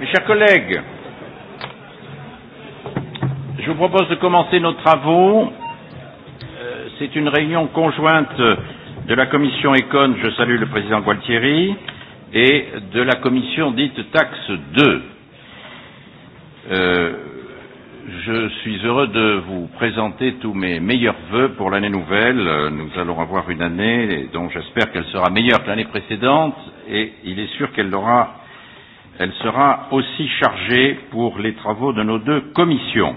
Mes chers collègues, je vous propose de commencer nos travaux. Euh, c'est une réunion conjointe de la commission Econ, je salue le président Gualtieri, et de la commission dite taxe 2. Euh, je suis heureux de vous présenter tous mes meilleurs vœux pour l'année nouvelle. Nous allons avoir une année dont j'espère qu'elle sera meilleure que l'année précédente et il est sûr qu'elle l'aura Elle sera aussi chargée pour les travaux de nos deux commissions.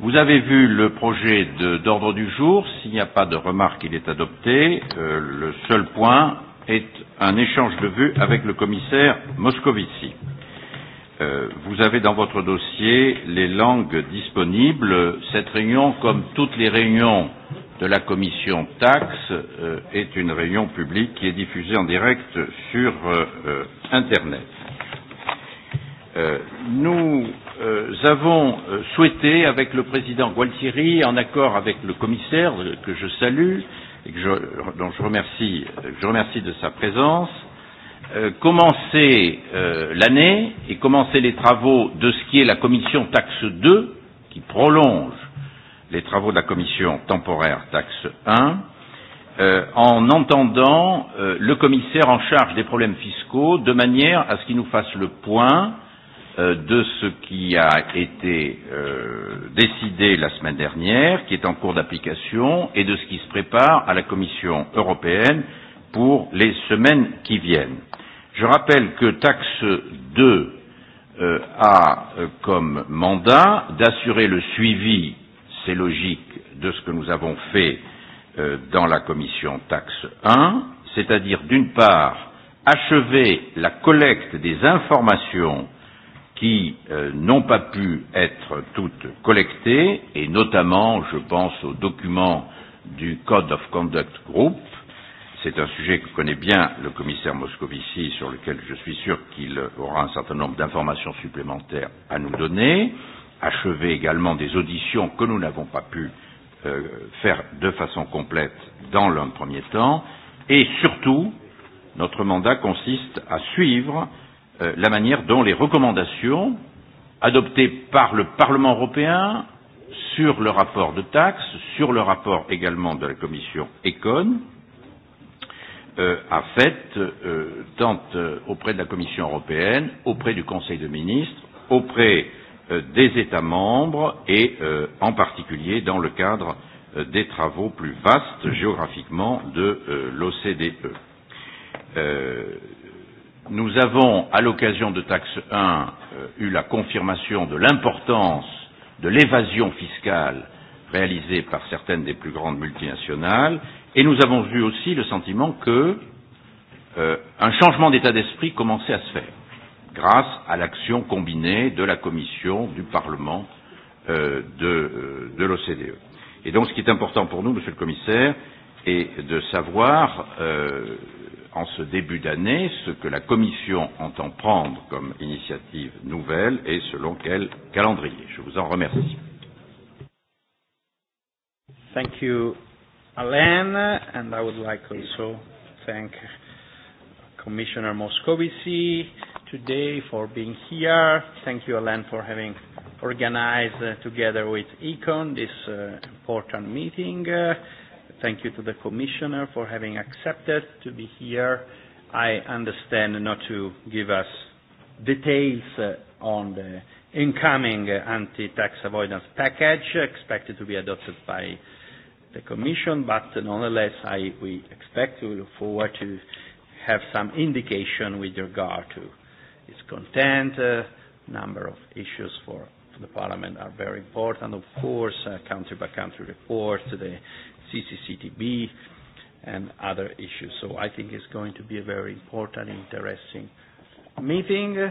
Vous avez vu le projet d'ordre du jour. S'il n'y a pas de remarques, il est adopté. Euh, le seul point est un échange de vues avec le commissaire Moscovici. Euh, vous avez dans votre dossier les langues disponibles. Cette réunion, comme toutes les réunions de la commission taxe euh, est une réunion publique qui est diffusée en direct sur euh, euh, Internet. Euh, nous euh, avons euh, souhaité, avec le président Gualtieri, en accord avec le commissaire euh, que je salue et que je, dont je remercie, euh, je remercie de sa présence, euh, commencer euh, l'année et commencer les travaux de ce qui est la commission taxe 2, qui prolonge les travaux de la commission temporaire taxe 1 euh, en entendant euh, le commissaire en charge des problèmes fiscaux de manière à ce qu'il nous fasse le point euh, de ce qui a été euh, décidé la semaine dernière, qui est en cours d'application, et de ce qui se prépare à la Commission européenne pour les semaines qui viennent. Je rappelle que taxe 2 euh, a euh, comme mandat d'assurer le suivi c'est logique, de ce que nous avons fait euh, dans la commission taxe 1, c'est-à-dire d'une part achever la collecte des informations qui euh, n'ont pas pu être toutes collectées, et notamment, je pense aux documents du Code of Conduct Group. C'est un sujet que connaît bien le commissaire Moscovici, sur lequel je suis sûr qu'il aura un certain nombre d'informations supplémentaires à nous donner. Euh, achevé également des auditions que nous n'avons pas pu euh, faire de façon complète dans le premier temps. Et surtout, notre mandat consiste à suivre euh, la manière dont les recommandations adoptées par le Parlement européen sur le rapport de taxe, sur le rapport également de la commission ECON, euh, a fait euh, tant euh, auprès de la Commission européenne, auprès du Conseil des ministres, auprès euh, euh, des États membres et euh, en particulier dans le cadre euh, des travaux plus vastes géographiquement de euh, l'OCDE. Euh, nous avons, à l'occasion de taxe 1, euh, eu la confirmation de l'importance de l'évasion fiscale réalisée par certaines des plus grandes multinationales et nous avons eu aussi le sentiment que euh, un changement d'état d'esprit commençait à se faire grâce à l'action combinée de la Commission, du Parlement, euh, de, euh, de l'OCDE. Et donc ce qui est important pour nous, Monsieur le Commissaire, est de savoir, euh, en ce début d'année, ce que la Commission entend prendre comme initiative nouvelle et selon quel calendrier. Je vous en remercie. Thank you, Alain, and I would like also thank Commissioner Moscovici today, for being here. Thank you, Alain, for having organized uh, together with Econ this uh, important meeting. Uh, thank you to the Commissioner for having accepted to be here. I understand not to give us details uh, on the incoming uh, anti-tax avoidance package expected to be adopted by the Commission, but nonetheless, I, we expect to look forward to have some indication with regard to its content. Uh, number of issues for, for the Parliament are very important, of course, uh, country by country reports, the CCCTB, and other issues. So I think it's going to be a very important, interesting meeting. Uh,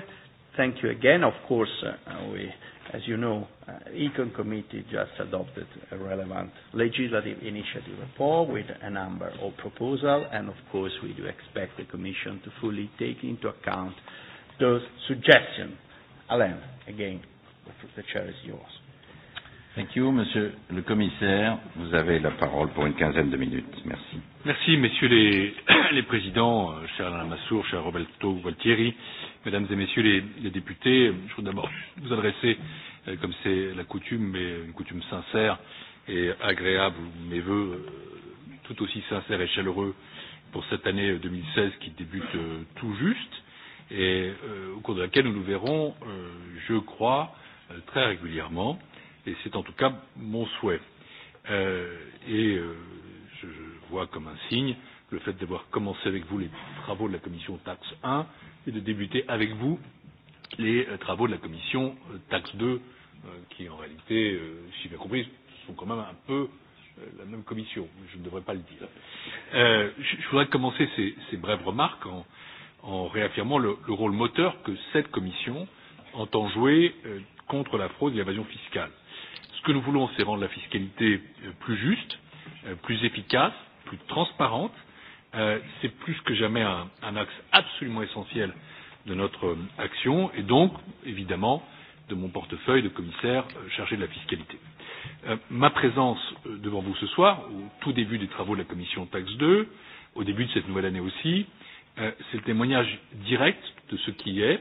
thank you again. Of course, uh, we, as you know, uh, Econ Committee just adopted a relevant legislative initiative report with a number of proposals, and of course, we do expect the Commission to fully take into account uh, those suggestions. Alain, again, the chair is yours. Thank you, Monsieur le Commissaire. Vous avez la parole pour une quinzaine de minutes. Merci. Merci, Messieurs les, les Présidents, euh, cher Alain Massour, cher Roberto Gualtieri, Mesdames et Messieurs les, les députés. Je voudrais d'abord vous adresser, euh, comme c'est la coutume, mais une coutume sincère et agréable, mes voeux euh, tout aussi sincères et chaleureux pour cette année 2016 qui débute tout juste et euh, au cours de laquelle nous nous verrons, euh, je crois, euh, très régulièrement, et c'est en tout cas mon souhait. Euh, et euh, je, je vois comme un signe le fait d'avoir commencé avec vous les travaux de la commission taxe 1 et de débuter avec vous les euh, travaux de la commission euh, taxe 2, euh, qui en réalité, euh, si j'ai bien compris, sont quand même un peu euh, la même commission, je ne devrais pas le dire. Euh, je, je voudrais commencer ces, ces brèves remarques en euh, en réaffirmant le, le rôle moteur que cette commission entend jouer euh, contre la fraude et l'évasion fiscale. Ce que nous voulons, c'est rendre la fiscalité euh, plus juste, euh, plus efficace, plus transparente. Euh, c'est plus que jamais un, un axe absolument essentiel de notre euh, action et donc, évidemment, de mon portefeuille de commissaire euh, chargé de la fiscalité. Euh, ma présence euh, devant vous ce soir, au tout début des travaux de la commission Taxe 2, au début de cette nouvelle année aussi, euh, Euh, c'est le témoignage direct de ce qui est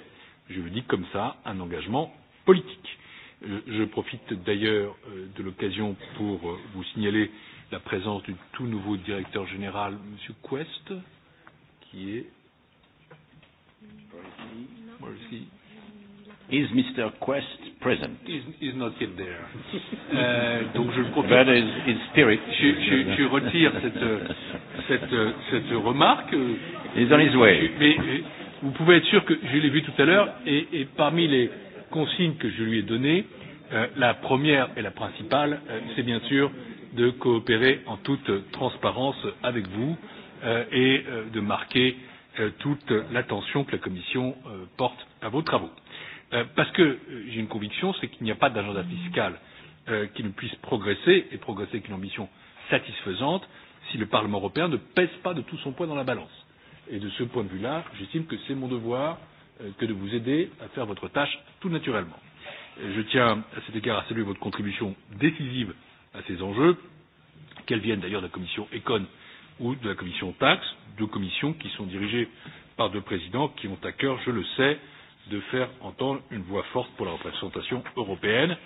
je le dis comme ça un engagement politique. Euh, je profite d'ailleurs euh, de l'occasion pour vous signaler la présence du tout nouveau directeur général m. quest qui est Where is he? Is Mr. Quest present? Is, is not yet there. euh, donc je le confirme. That is, is spirit. Je, je, je retire cette, cette, euh, cette remarque. Euh, He's on his way. Mais vous pouvez être sûr que je l'ai vu tout à l'heure et, et parmi les consignes que je lui ai données, euh, la première et la principale, euh, c'est bien sûr de coopérer en toute transparence avec vous euh, et euh, de marquer euh, toute l'attention que la Commission euh, porte à vos travaux. Euh, parce que euh, j'ai une conviction, c'est qu'il n'y a pas d'agenda fiscal euh, qui ne puisse progresser et progresser avec une ambition satisfaisante si le Parlement européen ne pèse pas de tout son poids dans la balance. Et de ce point de vue-là, j'estime que c'est mon devoir euh, que de vous aider à faire votre tâche tout naturellement. Je tiens à cet égard à saluer votre contribution décisive à ces enjeux, qu'elles viennent d'ailleurs de la commission Econ ou de la commission Taxe, deux commissions qui sont dirigées par deux présidents qui ont à cœur, je le sais, de faire entendre une voix forte pour la représentation européenne.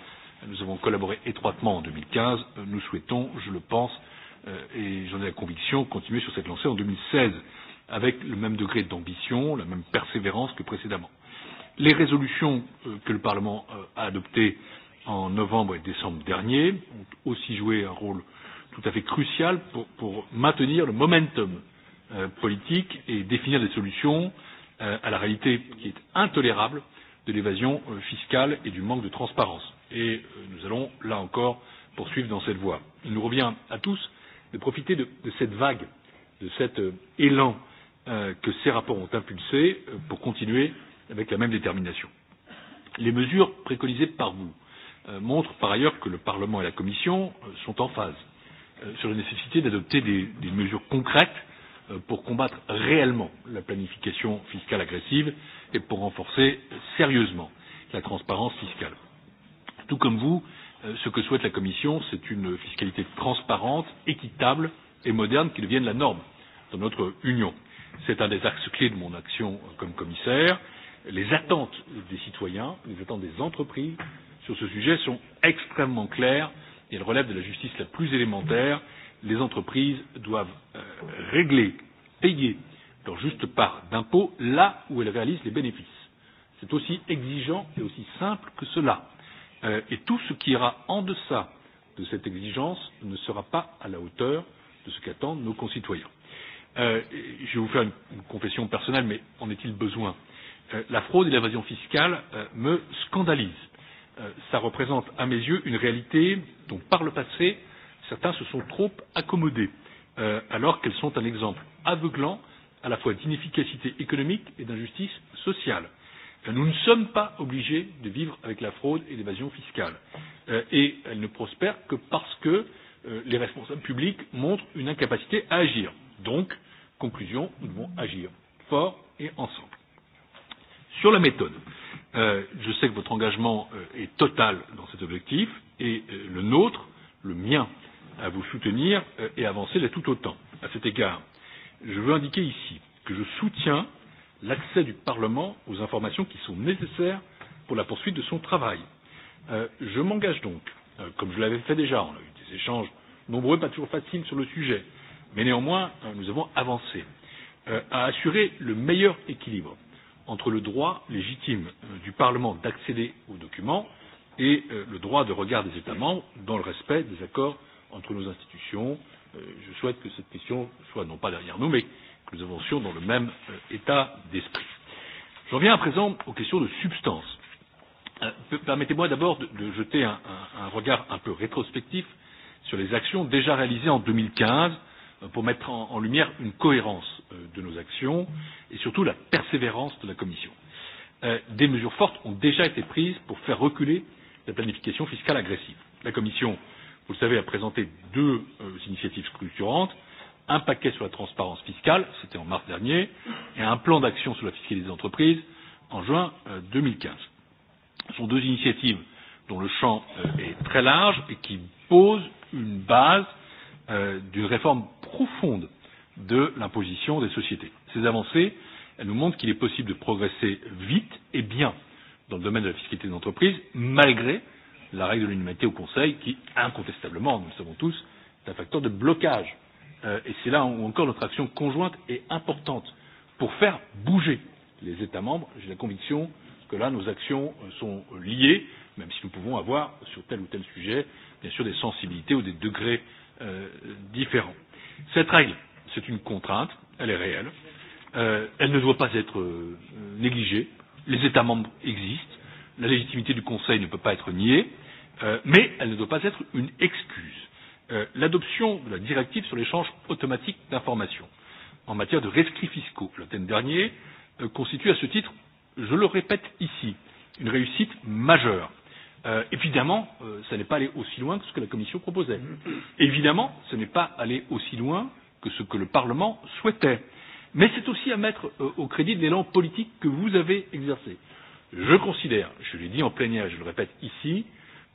Nous avons collaboré étroitement en 2015. Nous souhaitons, je le pense, euh, Euh, et j'en ai la conviction, continuer sur cette lancée en 2016 avec le même degré d'ambition, la même persévérance que précédemment. Les résolutions euh, que le Parlement euh, a adoptées en novembre et décembre dernier ont aussi joué un rôle tout à fait crucial pour, pour maintenir le momentum euh, politique et définir des solutions euh, à la réalité qui est intolérable de l'évasion euh, fiscale et du manque de transparence. Et euh, nous allons, là encore, poursuivre dans cette voie. Il nous revient à tous euh, de profiter de, de cette vague, de cet euh, élan euh, que ces rapports ont impulsé euh, pour continuer avec la même détermination. Les mesures préconisées par vous euh, montrent par ailleurs que le Parlement et la Commission euh, sont en phase euh, sur la nécessité d'adopter des, des mesures concrètes euh, pour combattre réellement la planification fiscale agressive et pour renforcer sérieusement la transparence fiscale. Tout comme vous, euh, Euh, ce que souhaite la Commission, c'est une fiscalité transparente, équitable et moderne qui devienne la norme dans notre Union. C'est un des axes clés de mon action comme commissaire. Les attentes des citoyens, les attentes des entreprises sur ce sujet sont extrêmement claires et elles relèvent de la justice la plus élémentaire. Les entreprises doivent euh, régler, payer leur juste part d'impôts là où elles réalisent les bénéfices. C'est aussi exigeant et aussi simple que cela euh, et tout ce qui ira en deçà de cette exigence ne sera pas à la hauteur de ce qu'attendent nos concitoyens. Euh, je vais vous faire une, une confession personnelle, mais en est-il besoin euh, La fraude et l'évasion fiscale euh, me scandalisent. Euh, ça représente, à mes yeux, une réalité dont, par le passé, certains se sont trop accommodés, euh, alors qu'elles sont un exemple aveuglant à la fois d'inefficacité économique et d'injustice sociale. Euh, Nous ne sommes pas obligés de vivre avec la fraude et l'évasion fiscale. Euh, et elles ne prospèrent que parce que euh, les responsables publics montrent une incapacité à agir. Donc, conclusion, nous devons agir fort et ensemble. Sur la méthode, euh, je sais que votre engagement euh, est total dans cet objectif et euh, le nôtre, le mien, à vous soutenir euh, et avancer l'est tout autant. À cet égard, je veux indiquer ici que je soutiens euh, l'accès du Parlement aux informations qui sont nécessaires pour la poursuite de son travail. Euh, je m'engage donc, euh, comme je l'avais fait déjà, on a eu des échanges nombreux, pas toujours faciles sur le sujet, mais néanmoins, euh, nous avons avancé euh, à assurer le meilleur équilibre entre le droit légitime euh, du Parlement d'accéder aux documents et euh, le droit de regard des États membres dans le respect des accords entre nos institutions. Euh, je souhaite que cette question soit non pas derrière nous, mais que nous avancions dans le même euh, état d'esprit. J'en viens à présent aux questions de substance. Euh, Permettez-moi d'abord de, de jeter un, un, un regard un peu rétrospectif sur les actions déjà réalisées en 2015 euh, pour mettre en, en lumière une cohérence euh, de nos actions et surtout la persévérance de la Commission. Euh, des mesures fortes ont déjà été prises pour faire reculer la planification fiscale agressive. La Commission, vous le savez, a présenté deux euh, initiatives structurantes euh, un paquet sur la transparence fiscale, c'était en mars dernier, et un plan d'action sur la fiscalité des entreprises en juin 2015. Euh, Ce sont deux initiatives dont le champ euh, est très large et qui posent une base euh, d'une réforme profonde de l'imposition des sociétés. Ces avancées, elles nous montrent qu'il est possible de progresser vite et bien dans le domaine de la fiscalité des entreprises, malgré la règle de l'unanimité au Conseil, qui, incontestablement, nous le savons tous, est un facteur de blocage euh, et c'est là où encore notre action conjointe est importante pour faire bouger les États membres. J'ai la conviction que là, nos actions euh, sont liées, même si nous pouvons avoir sur tel ou tel sujet, bien sûr, des sensibilités ou des degrés euh, différents. Cette règle, c'est une contrainte, elle est réelle, euh, elle ne doit pas être euh, négligée, les États membres existent, la légitimité du Conseil ne peut pas être niée, euh, mais elle ne doit pas être une excuse euh, l'adoption de la directive sur l'échange automatique d'informations en matière de rescrits fiscaux l'automne dernier euh, constitue à ce titre, je le répète ici, une réussite majeure. Euh, évidemment, euh, ça n'est pas allé aussi loin que ce que la Commission proposait. Évidemment, ce n'est pas allé aussi loin que ce que le Parlement souhaitait. Mais c'est aussi à mettre euh, au crédit de l'élan politique que vous avez exercé. Je considère, je l'ai dit en plénière, je le répète ici,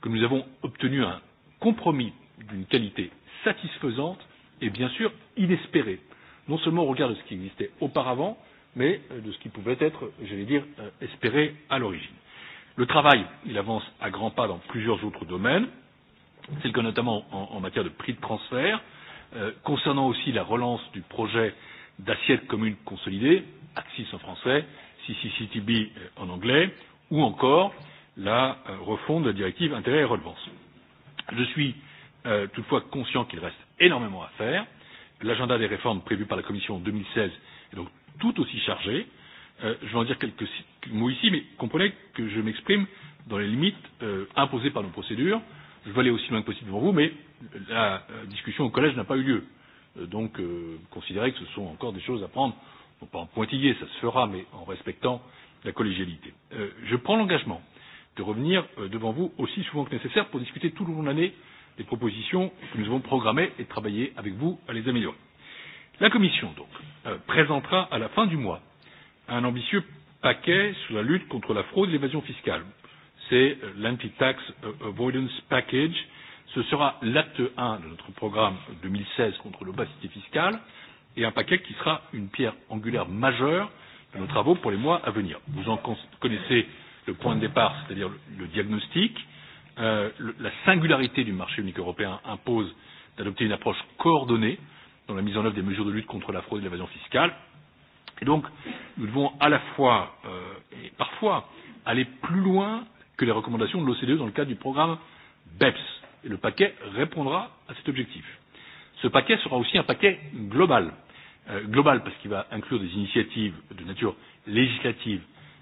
que nous avons obtenu un compromis d'une qualité satisfaisante et bien sûr inespérée non seulement au regard de ce qui existait auparavant mais de ce qui pouvait être j'allais dire euh, espéré à l'origine. le travail il avance à grands pas dans plusieurs autres domaines c'est le cas notamment en, en matière de prix de transfert euh, concernant aussi la relance du projet d'assiette commune consolidée axis en français ccctb euh, en anglais ou encore la euh, refonte de la directive intérêts et relevances. je suis euh, euh, toutefois conscient qu'il reste énormément à faire. L'agenda des réformes prévu par la Commission en 2016 est donc tout aussi chargé. Euh, je vais en dire quelques mots ici, mais comprenez que je m'exprime dans les limites euh, imposées par nos procédures. Je veux aller aussi loin que possible devant vous, mais la euh, discussion au collège n'a pas eu lieu. Euh, donc, euh, considérez que ce sont encore des choses à prendre, non pas en pointillé, ça se fera, mais en respectant la collégialité. Euh, je prends l'engagement de revenir euh, devant vous aussi souvent que nécessaire pour discuter tout au long de l'année euh, des propositions que nous avons programmées et de travailler avec vous à les améliorer. La Commission, donc, euh, présentera à la fin du mois un ambitieux paquet sur la lutte contre la fraude et l'évasion fiscale. C'est euh, l'Anti-Tax euh, Avoidance Package. Ce sera l'acte 1 de notre programme 2016 contre l'opacité fiscale et un paquet qui sera une pierre angulaire majeure de nos travaux pour les mois à venir. Vous en connaissez le point de départ, c'est-à-dire le, le diagnostic, euh, le, la singularité du marché unique européen impose d'adopter une approche coordonnée dans la mise en œuvre des mesures de lutte contre la fraude et l'évasion fiscale. Et donc, nous devons à la fois euh, et parfois aller plus loin que les recommandations de l'OCDE dans le cadre du programme BEPS. Et le paquet répondra à cet objectif. Ce paquet sera aussi un paquet global. Euh, global parce qu'il va inclure des initiatives de nature législative,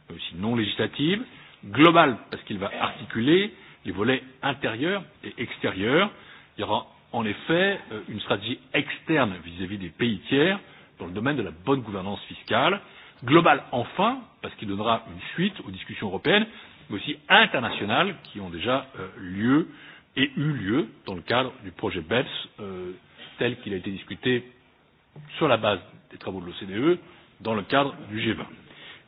mais aussi non législative. Global parce qu'il va articuler euh, les volets intérieur et extérieur. Il y aura en effet euh, une stratégie externe vis-à-vis -vis des pays tiers dans le domaine de la bonne gouvernance fiscale, globale enfin, parce qu'il donnera une suite aux discussions européennes, mais aussi internationales qui ont déjà euh, lieu et eu lieu dans le cadre du projet BEPS euh, tel qu'il a été discuté sur la base des travaux de l'OCDE dans le cadre du G20.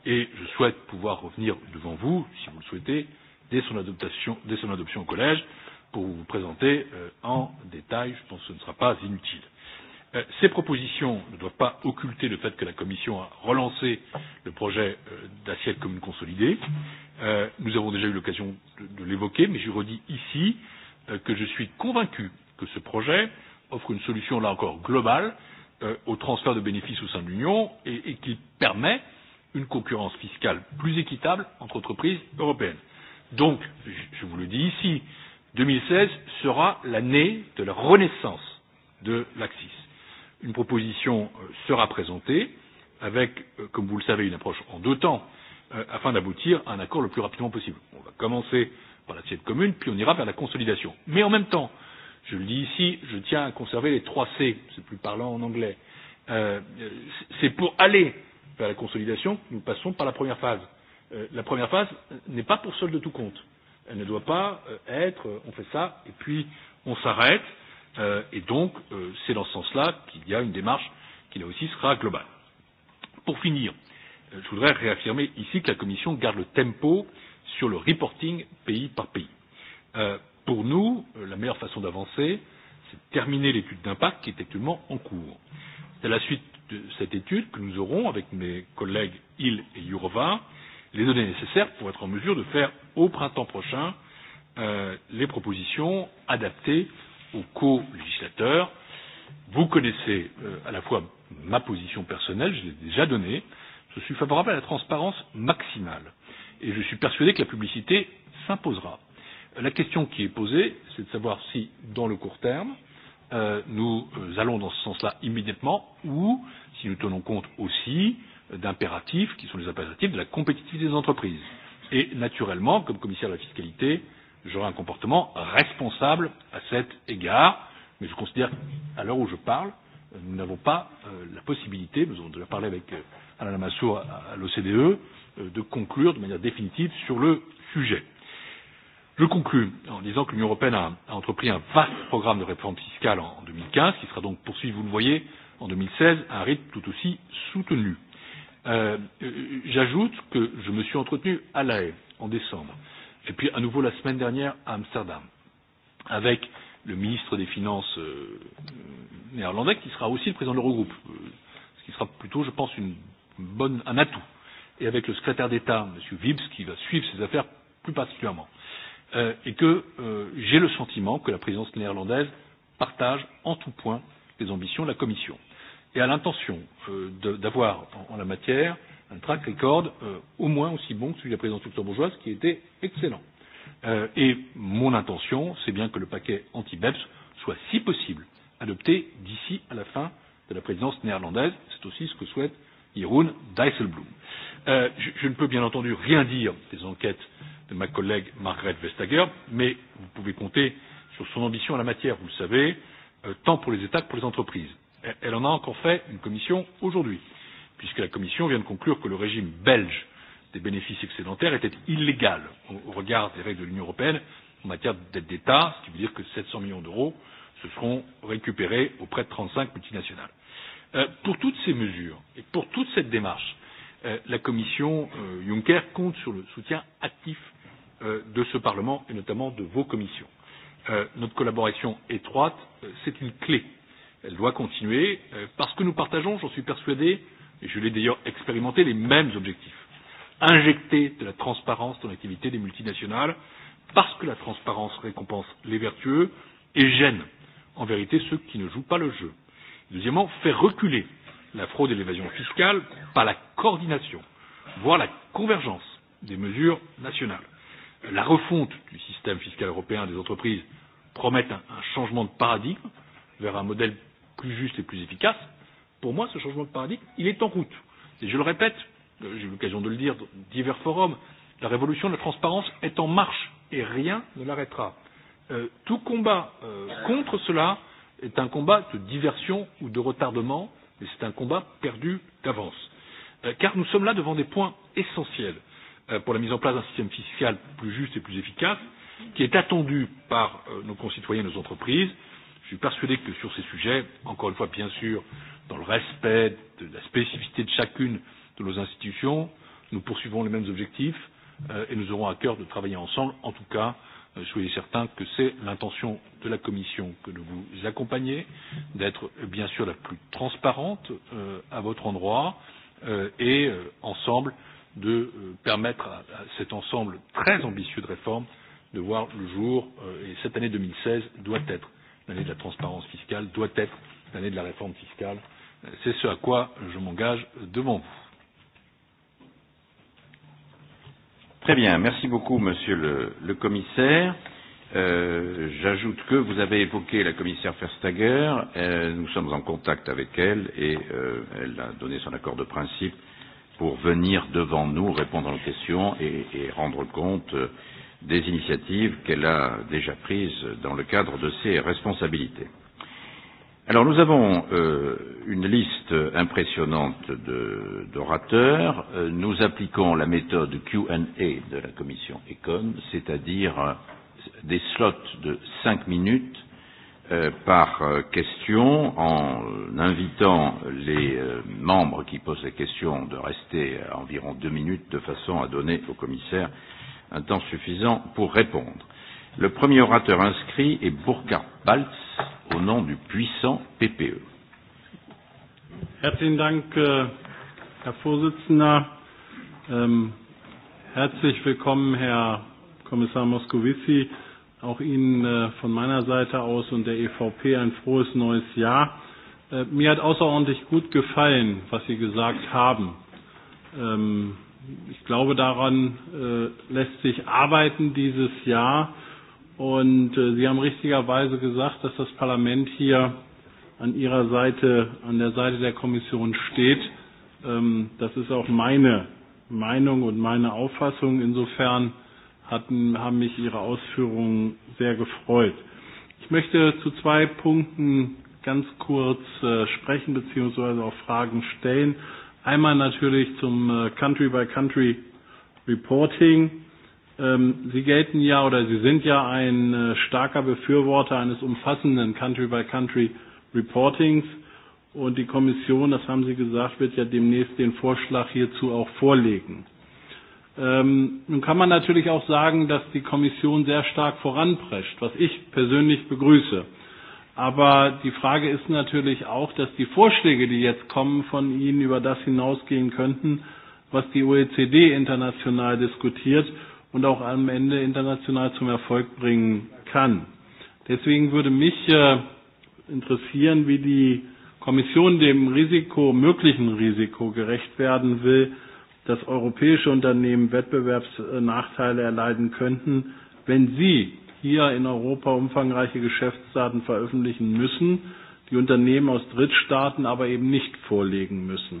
Et je souhaite pouvoir revenir devant vous, si vous le souhaitez, dès son adoption, dès son adoption au collège pour vous présenter euh, en détail. Je pense que ce ne sera pas inutile. Euh, ces propositions ne doivent pas occulter le fait que la Commission a relancé le projet euh, d'assiette commune consolidée. Euh, nous avons déjà eu l'occasion de, de l'évoquer, mais je redis ici euh, que je suis convaincu que ce projet offre une solution, là encore, globale euh, au transfert de bénéfices au sein de l'Union et, et qu'il permet une concurrence fiscale plus équitable entre entreprises européennes Donc, je vous le dis ici, 2016 sera l'année de la renaissance de l'Axis. Une proposition euh, sera présentée avec, euh, comme vous le savez, une approche en deux temps euh, afin d'aboutir à un accord le plus rapidement possible. On va commencer par l'assiette commune, puis on ira vers la consolidation. Mais en même temps, je le dis ici, je tiens à conserver les trois C, c'est plus parlant en anglais. Euh, c'est pour aller vers la consolidation que nous passons par la première phase. Euh, Euh, la première phase n'est pas pour solde de tout compte. Elle ne doit pas euh, être euh, on fait ça et puis on s'arrête et donc c'est dans ce sens là qu'il y a une démarche qui là aussi sera globale. Pour finir, je voudrais réaffirmer ici que la Commission garde le tempo sur le reporting pays par pays. Euh, pour nous, la meilleure façon d'avancer, c'est de terminer l'étude d'impact qui est actuellement en cours. C'est à la suite de cette étude que nous aurons, avec mes collègues Hill et Jourova, euh, les données nécessaires pour être en mesure de faire au printemps prochain euh, les propositions adaptées aux co-législateurs. Vous connaissez euh, à la fois ma position personnelle, je l'ai déjà donnée, je suis favorable à la transparence maximale et je suis persuadé que la publicité s'imposera. La question qui est posée, c'est de savoir si, dans le court terme, euh, nous euh, allons dans ce sens-là immédiatement ou si nous tenons compte aussi euh, d'impératifs qui sont les impératifs de la compétitivité des entreprises. Et naturellement, comme commissaire à la fiscalité, j'aurai un comportement responsable à cet égard, mais je considère à l'heure où je parle, nous n'avons pas euh, la possibilité, nous avons déjà parlé avec euh, Alain Lamassoure à, à l'OCDE, euh, de conclure de manière définitive sur le sujet. Je conclus en disant que l'Union européenne a, a entrepris un vaste programme de réforme fiscale en, en 2015, qui sera donc poursuivi, vous le voyez, en 2016, à un rythme tout aussi soutenu. Euh, Euh, J'ajoute que je me suis entretenu à La Haye en décembre, et puis à nouveau la semaine dernière à Amsterdam, avec le ministre des Finances euh, néerlandais, qui sera aussi le président de l'Eurogroupe, euh, ce qui sera plutôt, je pense, une bonne, un atout, et avec le secrétaire d'État, M. Vibs, qui va suivre ces affaires plus particulièrement, euh, et que euh, j'ai le sentiment que la présidence néerlandaise partage en tout point les ambitions de la Commission et à l'intention euh, d'avoir en, en la matière un track record euh, au moins aussi bon que celui de la présidence luxembourgeoise, qui était excellent. Euh, et mon intention, c'est bien que le paquet anti-BEPS soit, si possible, adopté d'ici à la fin de la présidence néerlandaise. C'est aussi ce que souhaite Jeroen Dijsselbloem. Euh, je, je ne peux bien entendu rien dire des enquêtes de ma collègue Margrethe Vestager, mais vous pouvez compter sur son ambition en la matière, vous le savez, euh, tant pour les États que pour les entreprises Eh, elle en a encore fait une commission aujourd'hui, puisque la commission vient de conclure que le régime belge des bénéfices excédentaires était illégal au regard des règles de l'Union européenne en matière d'aide d'État, ce qui veut dire que 700 millions d'euros se seront récupérés auprès de 35 multinationales. Euh, pour toutes ces mesures et pour toute cette démarche, euh, la Commission euh, Juncker compte sur le soutien actif euh, de ce Parlement et notamment de vos commissions. Euh, notre collaboration étroite, euh, c'est une clé euh, Elle doit continuer euh, parce que nous partageons, j'en suis persuadé, et je l'ai d'ailleurs expérimenté, les mêmes objectifs. Injecter de la transparence dans l'activité des multinationales parce que la transparence récompense les vertueux et gêne en vérité ceux qui ne jouent pas le jeu. Deuxièmement, faire reculer la fraude et l'évasion fiscale par la coordination, voire la convergence des mesures nationales. La refonte du système fiscal européen des entreprises promet un, un changement de paradigme vers un modèle plus juste et plus efficace, pour moi, ce changement de paradigme, il est en route. Et je le répète, euh, j'ai eu l'occasion de le dire dans divers forums, la révolution de la transparence est en marche et rien ne l'arrêtera. Euh, tout combat euh, contre cela est un combat de diversion ou de retardement, mais c'est un combat perdu d'avance. Euh, car nous sommes là devant des points essentiels euh, pour la mise en place d'un système fiscal plus juste et plus efficace, qui est attendu par euh, nos concitoyens et nos entreprises, euh, suis persuadé que sur ces sujets, encore une fois, bien sûr, dans le respect de la spécificité de chacune de nos institutions, nous poursuivons les mêmes objectifs euh, et nous aurons à cœur de travailler ensemble. En tout cas, euh, soyez certains que c'est l'intention de la Commission que de vous accompagner, d'être bien sûr la plus transparente euh, à votre endroit euh, et euh, ensemble de euh, permettre à, à cet ensemble très ambitieux de réformes de voir le jour euh, et cette année 2016 doit être l'année de la transparence fiscale doit être l'année de la réforme fiscale. C'est ce à quoi je m'engage devant vous. Très bien, merci beaucoup, Monsieur le, le Commissaire. Euh, J'ajoute que vous avez évoqué la commissaire Verstager. Euh, nous sommes en contact avec elle et euh, elle a donné son accord de principe pour venir devant nous répondre aux questions et, et rendre compte euh, des initiatives qu'elle a déjà prises dans le cadre de ses responsabilités. Alors nous avons euh, une liste impressionnante d'orateurs. Euh, nous appliquons la méthode Q&A de la commission Econ, c'est-à-dire euh, des slots de cinq minutes euh, par euh, question en euh, invitant les euh, membres qui posent la question de rester à euh, environ deux minutes de façon à donner au commissaire euh, un temps suffisant pour répondre. Le premier orateur inscrit est Burkhard Balz au nom du puissant PPE. Herzlichen Dank, äh, Herr Vorsitzender. Ähm, herzlich willkommen, Herr Kommissar Moscovici. Auch Ihnen äh, von meiner Seite aus und der EVP ein frohes neues Jahr. Äh, mir hat außerordentlich gut gefallen, was Sie gesagt haben. Ähm, ich glaube, daran äh, lässt sich arbeiten dieses Jahr. Und äh, Sie haben richtigerweise gesagt, dass das Parlament hier an Ihrer Seite, an der Seite der Kommission steht. Ähm, das ist auch meine Meinung und meine Auffassung. Insofern hatten, haben mich Ihre Ausführungen sehr gefreut. Ich möchte zu zwei Punkten ganz kurz äh, sprechen bzw. auch Fragen stellen. Äh, Einmal natürlich zum äh, Country-by-Country-Reporting. Ähm, Sie gelten ja oder Sie sind ja ein äh, starker Befürworter eines umfassenden Country-by-Country-Reportings. Und die Kommission, das haben Sie gesagt, wird ja demnächst den Vorschlag hierzu auch vorlegen. Ähm, nun kann man natürlich auch sagen, dass die Kommission sehr stark voranprescht, was ich persönlich begrüße. Aber die Frage ist natürlich auch, dass die Vorschläge, die jetzt kommen von Ihnen, über das hinausgehen könnten, was die OECD international diskutiert und auch am Ende international zum Erfolg bringen kann. Deswegen würde mich äh, interessieren, wie die Kommission dem Risiko, möglichen Risiko gerecht werden will, dass europäische Unternehmen Wettbewerbsnachteile erleiden könnten, wenn sie hier in Europa umfangreiche Geschäftsdaten veröffentlichen müssen, die Unternehmen aus Drittstaaten aber eben nicht vorlegen müssen?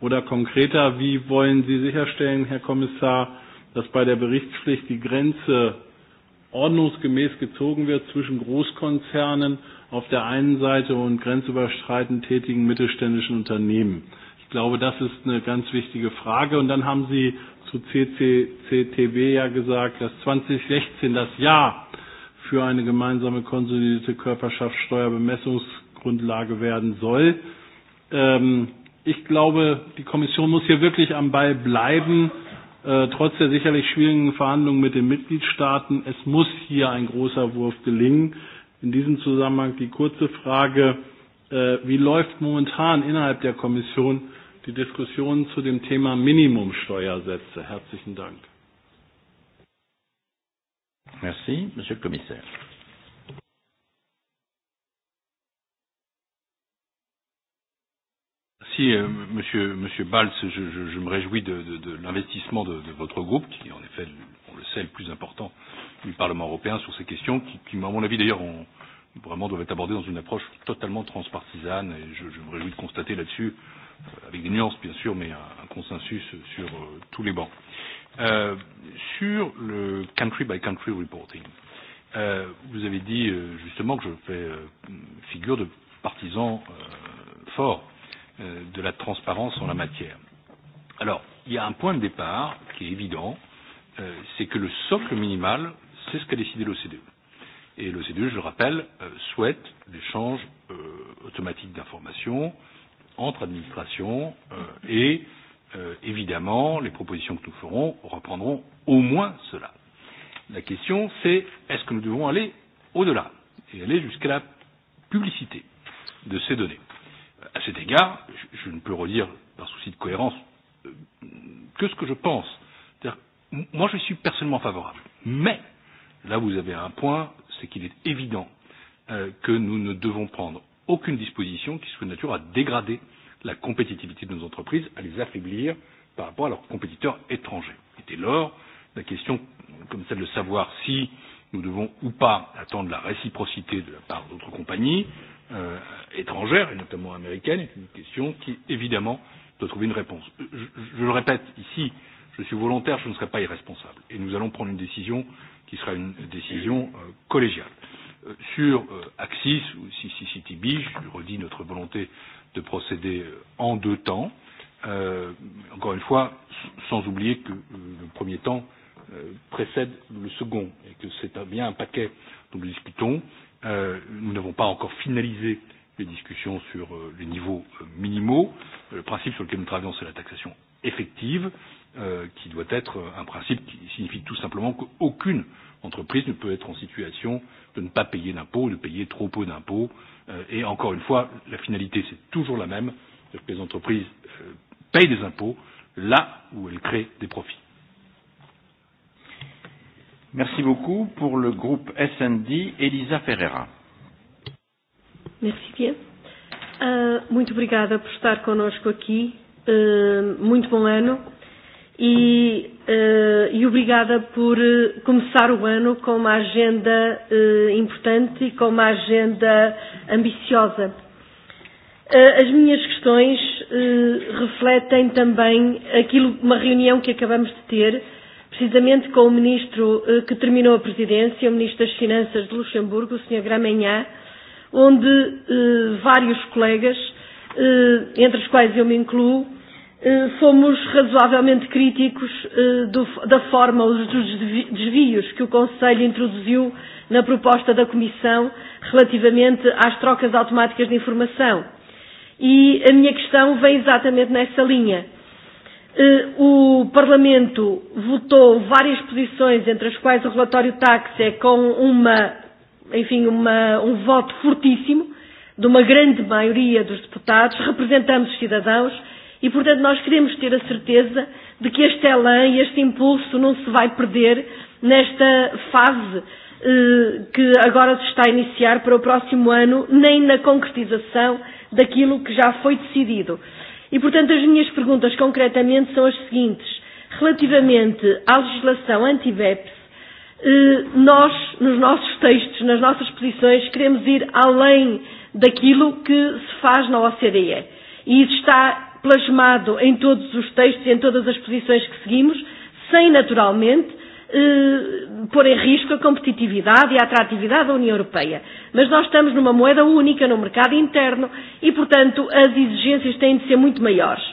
Oder konkreter, wie wollen Sie sicherstellen, Herr Kommissar, dass bei der Berichtspflicht die Grenze ordnungsgemäß gezogen wird zwischen Großkonzernen auf der einen Seite und grenzüberschreitend tätigen mittelständischen Unternehmen? Ich glaube, das ist eine ganz wichtige Frage. Und dann haben Sie zu CCCTB ja gesagt, dass 2016 das Jahr für eine gemeinsame konsolidierte Körperschaftssteuerbemessungsgrundlage werden soll. Ähm, ich glaube, die Kommission muss hier wirklich am Ball bleiben, äh, trotz der sicherlich schwierigen Verhandlungen mit den Mitgliedstaaten. Es muss hier ein großer Wurf gelingen. In diesem Zusammenhang die kurze Frage, äh, wie läuft momentan innerhalb der Kommission die Diskussion zu dem Thema Minimumsteuersätze? Herzlichen Dank. Merci, Monsieur le Commissaire. Merci, euh, Monsieur, Monsieur Balz. Je, je, je me réjouis de, de, de l'investissement de, de votre groupe, qui est en effet, on le sait, le plus important du Parlement européen sur ces questions, qui, qui à mon avis d'ailleurs, ont, vraiment doivent être abordées dans une approche totalement transpartisane. Et je, je me réjouis de constater là-dessus, euh, avec des nuances bien sûr, mais un, un consensus sur euh, tous les bancs. Euh, Euh, sur le country by country reporting, euh, vous avez dit euh, justement que je fais euh, figure de partisan euh, fort euh, de la transparence en la matière. Alors, il y a un point de départ qui est évident, euh, c'est que le socle minimal, c'est ce qu'a décidé l'OCDE. Et l'OCDE, je le rappelle, euh, souhaite l'échange euh, automatique d'informations entre administrations euh, et euh, euh, évidemment, les propositions que nous ferons reprendront au moins cela. La question, c'est est-ce que nous devons aller au-delà et aller jusqu'à la publicité de ces données À cet égard, je, je ne peux redire, par souci de cohérence, euh, que ce que je pense. Moi, je suis personnellement favorable. Mais, là, vous avez un point, c'est qu'il est évident euh, que nous ne devons prendre aucune disposition qui soit de nature à dégrader euh, la compétitivité de nos entreprises, à les affaiblir par rapport à leurs compétiteurs étrangers. Et dès lors, la question, comme celle de savoir si nous devons ou pas attendre la réciprocité de la part d'autres compagnies euh, étrangères, et notamment américaines, est une question qui, évidemment, doit trouver une réponse. Je, je le répète ici, je suis volontaire, je ne serai pas irresponsable. Et nous allons prendre une décision qui sera une décision euh, collégiale. Euh, sur euh, Axis ou CCCTB, je redis notre volonté de procéder en deux temps, euh, encore une fois, sans oublier que le premier temps euh, précède le second et que c'est bien un paquet dont nous discutons. Euh, nous n'avons pas encore finalisé les discussions sur euh, les niveaux euh, minimaux. Euh, le principe sur lequel nous travaillons, c'est la taxation effective, euh, qui doit être un principe qui signifie tout simplement qu'aucune entreprise ne peut être en situation de ne pas payer d'impôts ou de payer trop peu d'impôts. Euh, et encore une fois, la finalité, c'est toujours la même, c'est que les entreprises euh, payent des impôts là où elles créent des profits. Merci beaucoup. Pour le groupe S&D, Elisa Ferreira. Merci bien. Uh, muito obrigada por estar connosco aqui. Uh, muito bom ano e uh, e obrigada por uh, começar o ano com uma agenda uh, importante e com uma agenda ambiciosa. Uh, as minhas questões uh, refletem também aquilo, uma reunião que acabamos de ter, precisamente com o ministro uh, que terminou a presidência, o ministro das Finanças de Luxemburgo, o Sr. Gramenhã, onde uh, vários colegas, uh, entre os quais eu me incluo, Eh, somos razoavelmente críticos eh, do, da forma, dos desvios que o Conselho introduziu na proposta da Comissão relativamente às trocas automáticas de informação. E a minha questão vem exatamente nessa linha. Eh, o Parlamento votou várias posições, entre as quais o relatório táxi é com uma, enfim, uma, um voto fortíssimo de uma grande maioria dos deputados, representamos os cidadãos, E, portanto, nós queremos ter a certeza de que este elan e este impulso não se vai perder nesta fase eh, que agora se está a iniciar para o próximo ano, nem na concretização daquilo que já foi decidido. E, portanto, as minhas perguntas concretamente são as seguintes. Relativamente à legislação anti-BEPS, eh, nós, nos nossos textos, nas nossas posições, queremos ir além daquilo que se faz na OCDE. E isso está plasmado em todos os textos e em todas as posições que seguimos, sem naturalmente eh, pôr em risco a competitividade e a atratividade da União Europeia. Mas nós estamos numa moeda única no mercado interno e, portanto, as exigências têm de ser muito maiores.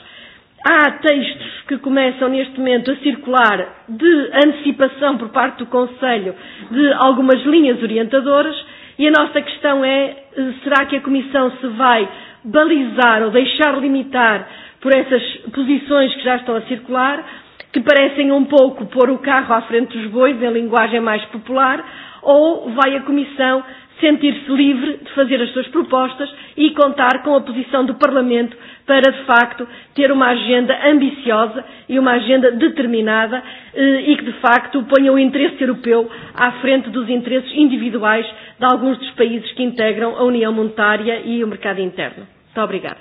Há textos que começam neste momento a circular de antecipação por parte do Conselho de algumas linhas orientadoras e a nossa questão é: eh, será que a Comissão se vai balizar ou deixar limitar por essas posições que já estão a circular, que parecem um pouco pôr o carro à frente dos bois, em linguagem mais popular, ou vai a Comissão sentir-se livre de fazer as suas propostas e contar com a posição do Parlamento para, de facto, ter uma agenda ambiciosa e uma agenda determinada eh, e que, de facto, ponha o interesse europeu à frente dos interesses individuais de alguns dos países que integram a União Monetária e o mercado interno. Muito obrigada.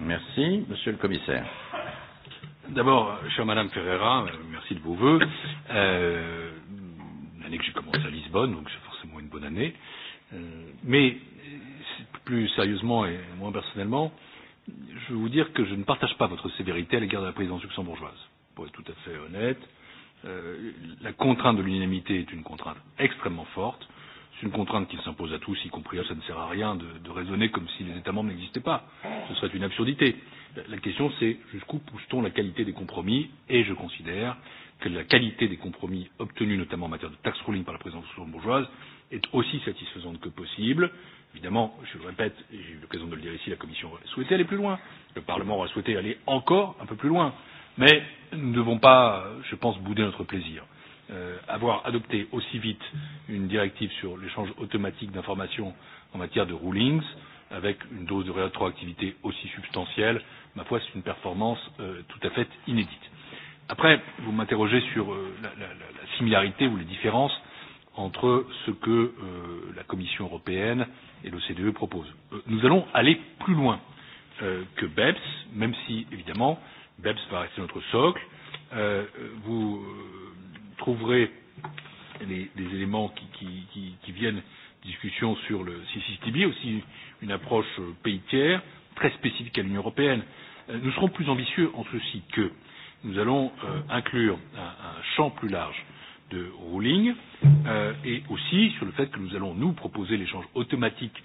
Merci, Monsieur le Commissaire. D'abord, chère Madame Ferreira, merci de vos voeux. Euh, L'année que j'ai commencé à Lisbonne, donc c'est forcément une bonne année. Euh, mais plus sérieusement et moins personnellement, je veux vous dire que je ne partage pas votre sévérité à l'égard de la présidence luxembourgeoise. Pour être tout à fait honnête, euh, la contrainte de l'unanimité est une contrainte extrêmement forte C'est une contrainte qui s'impose à tous, y compris à ça ne sert à rien de, de raisonner comme si les États membres n'existaient pas. Ce serait une absurdité. La, la question, c'est jusqu'où pousse-t-on la qualité des compromis Et je considère que la qualité des compromis obtenus, notamment en matière de tax ruling par la présidence luxembourgeoise, est aussi satisfaisante que possible. Évidemment, je le répète, et j'ai eu l'occasion de le dire ici, la Commission aurait souhaité aller plus loin. Le Parlement aurait souhaité aller encore un peu plus loin. Mais nous ne devons pas, je pense, bouder notre plaisir. Euh, euh, avoir adopté aussi vite une directive sur l'échange automatique d'informations en matière de rulings, avec une dose de rétroactivité aussi substantielle, ma foi, c'est une performance euh, tout à fait inédite. Après, vous m'interrogez sur euh, la, la, la similarité ou les différences entre ce que euh, la Commission européenne et l'OCDE proposent. Euh, nous allons aller plus loin euh, que BEPS, même si, évidemment, BEPS va rester notre socle. Euh, vous euh, trouverez les, les éléments qui, qui, qui, qui viennent discussion sur le CCTB, aussi une approche euh, pays tiers très spécifique à l'Union européenne. Euh, nous serons plus ambitieux en ceci que nous allons euh, inclure un, un champ plus large de ruling euh, et aussi sur le fait que nous allons nous proposer l'échange automatique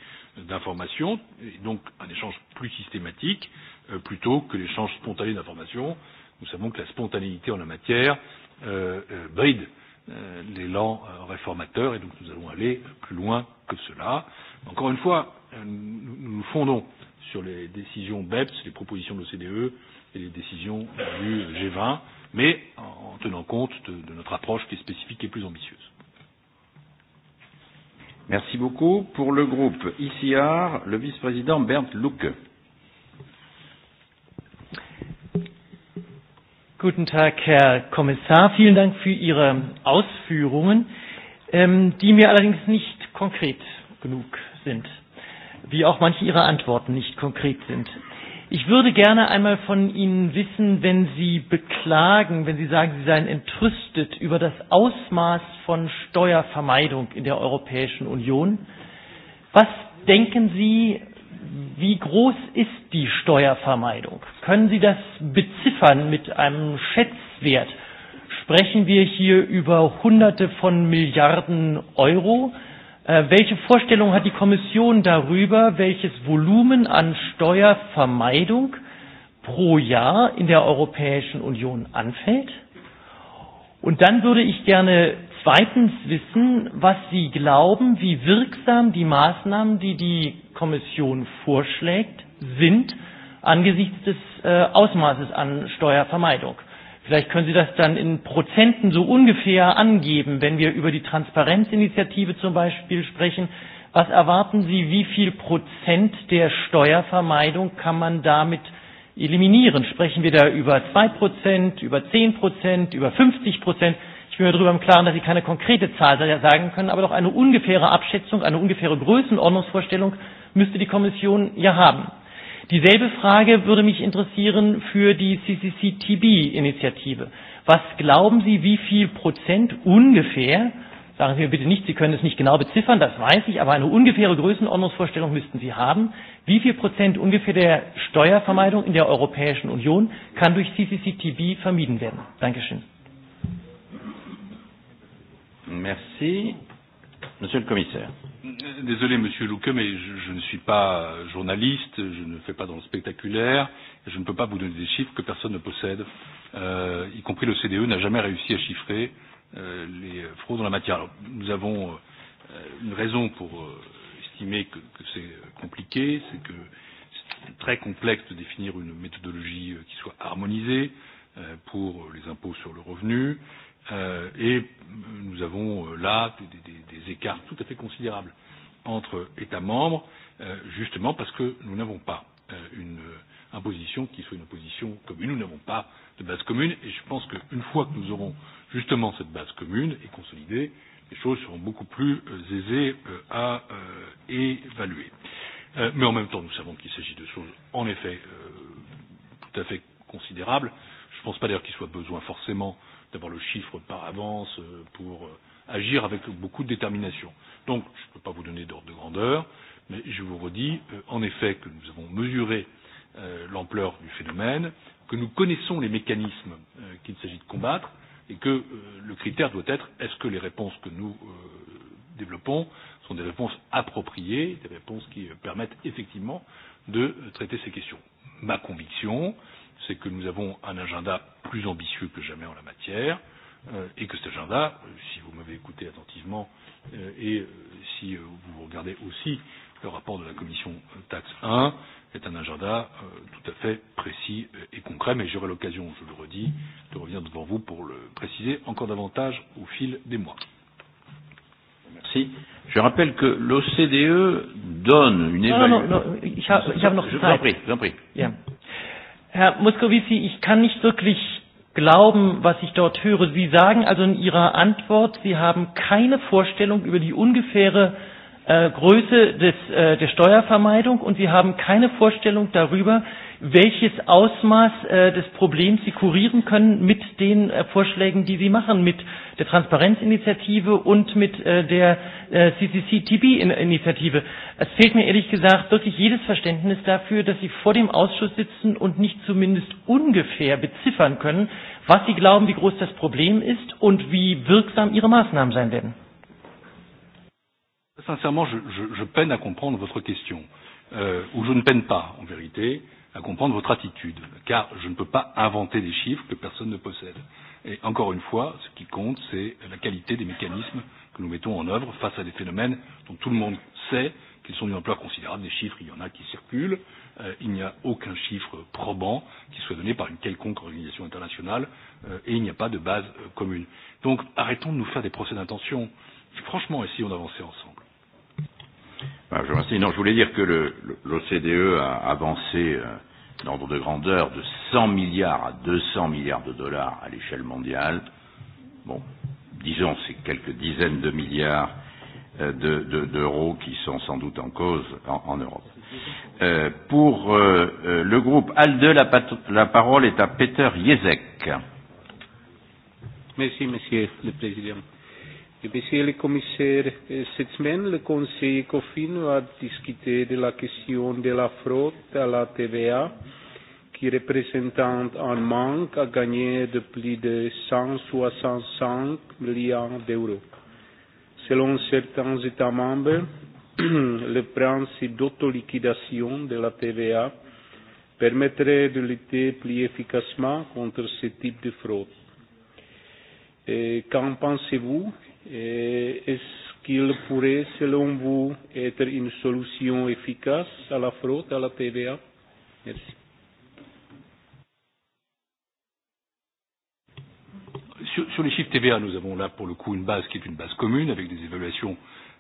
d'informations et donc un échange plus systématique euh, plutôt que l'échange spontané d'informations. Nous savons que la spontanéité en la matière euh, euh, bride euh, l'élan euh, réformateur et donc nous allons aller plus loin que cela. Encore une fois, euh, nous nous fondons sur les décisions BEPS, les propositions de l'OCDE et les décisions du G20, mais en tenant compte de, de notre approche qui est spécifique et plus ambitieuse. Merci beaucoup. Pour le groupe ICR, le vice-président Bernd Lucke. Guten Tag, Herr Kommissar. Vielen Dank für Ihre Ausführungen, ähm, die mir allerdings nicht konkret genug sind, wie auch manche Ihrer Antworten nicht konkret sind. Ich würde gerne einmal von Ihnen wissen, wenn Sie beklagen, wenn Sie sagen, Sie seien entrüstet über das Ausmaß von Steuervermeidung in der Europäischen Union, was denken Sie, Wie groß ist die Steuervermeidung? Können Sie das beziffern mit einem Schätzwert? Sprechen wir hier über Hunderte von Milliarden Euro? Äh, welche Vorstellung hat die Kommission darüber, welches Volumen an Steuervermeidung pro Jahr in der Europäischen Union anfällt? Und dann würde ich gerne zweitens wissen, was Sie glauben, wie wirksam die Maßnahmen, die die Kommission vorschlägt, sind angesichts des äh, Ausmaßes an Steuervermeidung. Vielleicht können Sie das dann in Prozenten so ungefähr angeben, wenn wir über die Transparenzinitiative zum Beispiel sprechen. Was erwarten Sie, wie viel Prozent der Steuervermeidung kann man damit eliminieren? Sprechen wir da über 2 Prozent, über 10 Prozent, über 50 Prozent? Ich bin mir darüber im Klaren, dass Sie keine konkrete Zahl sagen können, aber doch eine ungefähre Abschätzung, eine ungefähre Größenordnungsvorstellung müsste die Kommission ja haben. Dieselbe Frage würde mich interessieren für die CCCTB-Initiative. Was glauben Sie, wie viel Prozent ungefähr, sagen Sie mir bitte nicht, Sie können es nicht genau beziffern, das weiß ich, aber eine ungefähre Größenordnungsvorstellung müssten Sie haben, wie viel Prozent ungefähr der Steuervermeidung in der Europäischen Union kann durch CCCTB vermieden werden? Dankeschön. Merci. Monsieur le commissaire. Désolé, monsieur Louque, mais je, je ne suis pas journaliste, je ne fais pas dans le spectaculaire, je ne peux pas vous donner des chiffres que personne ne possède, euh, y compris l'OCDE e n'a jamais réussi à chiffrer euh, les fraudes en la matière. Alors, nous avons euh, une raison pour euh, estimer que, que c'est compliqué, c'est que c'est très complexe de définir une méthodologie euh, qui soit harmonisée. Euh, Euh, pour les impôts sur le revenu euh, et nous avons euh, là des, des, des écarts tout à fait considérables entre États membres, justement parce que nous n'avons pas une imposition qui soit une imposition commune. Nous n'avons pas de base commune et je pense qu'une fois que nous aurons justement cette base commune et consolidée, les choses seront beaucoup plus aisées à évaluer. Mais en même temps, nous savons qu'il s'agit de choses en effet tout à fait considérables ne pense pas d'ailleurs qu'il soit besoin forcément d'avoir le chiffre par avance euh, pour euh, agir avec beaucoup de détermination. Donc, je ne peux pas vous donner d'ordre de grandeur, mais je vous redis euh, en effet que nous avons mesuré l'ampleur du phénomène, que nous connaissons les mécanismes qu'il s'agit de combattre et que le critère doit être est-ce que les réponses que nous développons sont des réponses appropriées, des réponses qui permettent effectivement de traiter ces questions. Ma conviction, euh, c'est que nous avons un agenda plus ambitieux que jamais en la matière euh, et que cet agenda, euh, si vous m'avez écouté attentivement euh, et euh, si euh, vous regardez aussi le rapport de la commission euh, taxe 1, est un agenda euh, tout à fait précis et concret, mais j'aurai l'occasion, je le redis, de revenir devant vous pour le préciser encore davantage au fil des mois. Merci. Je rappelle que l'OCDE donne une évaluation. No, no, no, no. Ich, ha, ich habe noch Zeit. Je vous en prie. Je vous en prie. Yeah. Herr Muscovici, ich kann nicht wirklich glauben, was ich dort höre. Sie sagen also in Ihrer Antwort, Sie haben keine Vorstellung über die ungefähre äh, Größe des, äh, der Steuervermeidung und Sie haben keine Vorstellung darüber, welches Ausmaß äh, des Problems Sie kurieren können mit den äh, Vorschlägen, die Sie machen, mit der Transparenzinitiative und mit äh, der äh, CCCTB-Initiative. Es fehlt mir ehrlich gesagt wirklich jedes Verständnis dafür, dass Sie vor dem Ausschuss sitzen und nicht zumindest ungefähr beziffern können, was Sie glauben, wie groß das Problem ist und wie wirksam Ihre Maßnahmen sein werden. Sincèrement, je, je, je peine à comprendre votre question, euh, ou je ne peine pas en vérité. Euh, à comprendre votre attitude, car je ne peux pas inventer des chiffres que personne ne possède. Et encore une fois, ce qui compte, c'est la qualité des mécanismes que nous mettons en œuvre face à des phénomènes dont tout le monde sait qu'ils sont d'une ampleur considérable. Des chiffres, il y en a qui circulent. Euh, il n'y a aucun chiffre probant qui soit donné par une quelconque organisation internationale euh, et il n'y a pas de base euh, commune. Donc arrêtons de nous faire des procès d'intention. Franchement, essayons d'avancer ensemble. Je vous remercie. Non, je voulais dire que l'OCDE a avancé euh, d'ordre de grandeur de 100 milliards à 200 milliards de dollars à l'échelle mondiale. Bon, disons, c'est quelques dizaines de milliards d'euros de, de, qui sont sans doute en cause en, en Europe. Euh, pour euh, euh le groupe ALDE, la, la parole est à Peter Jezek. Merci, Monsieur le Président. De beseerde commissair Sitsmen, le Conseil ECOFIN va discuter de la question de la fraude à la TVA, qui représente un manque à gagner de plus de 165 milliards d'euros. Selon certains États membres, le principe d'autoliquidation de la TVA permettrait de lutter plus efficacement contre ce type de fraude. Eh, qu'en pensez-vous Euh, est-ce qu'il pourrait, selon vous, être une solution efficace à la fraude, à la TVA Merci. Sur, sur les chiffres TVA, nous avons là pour le coup une base qui est une base commune avec des évaluations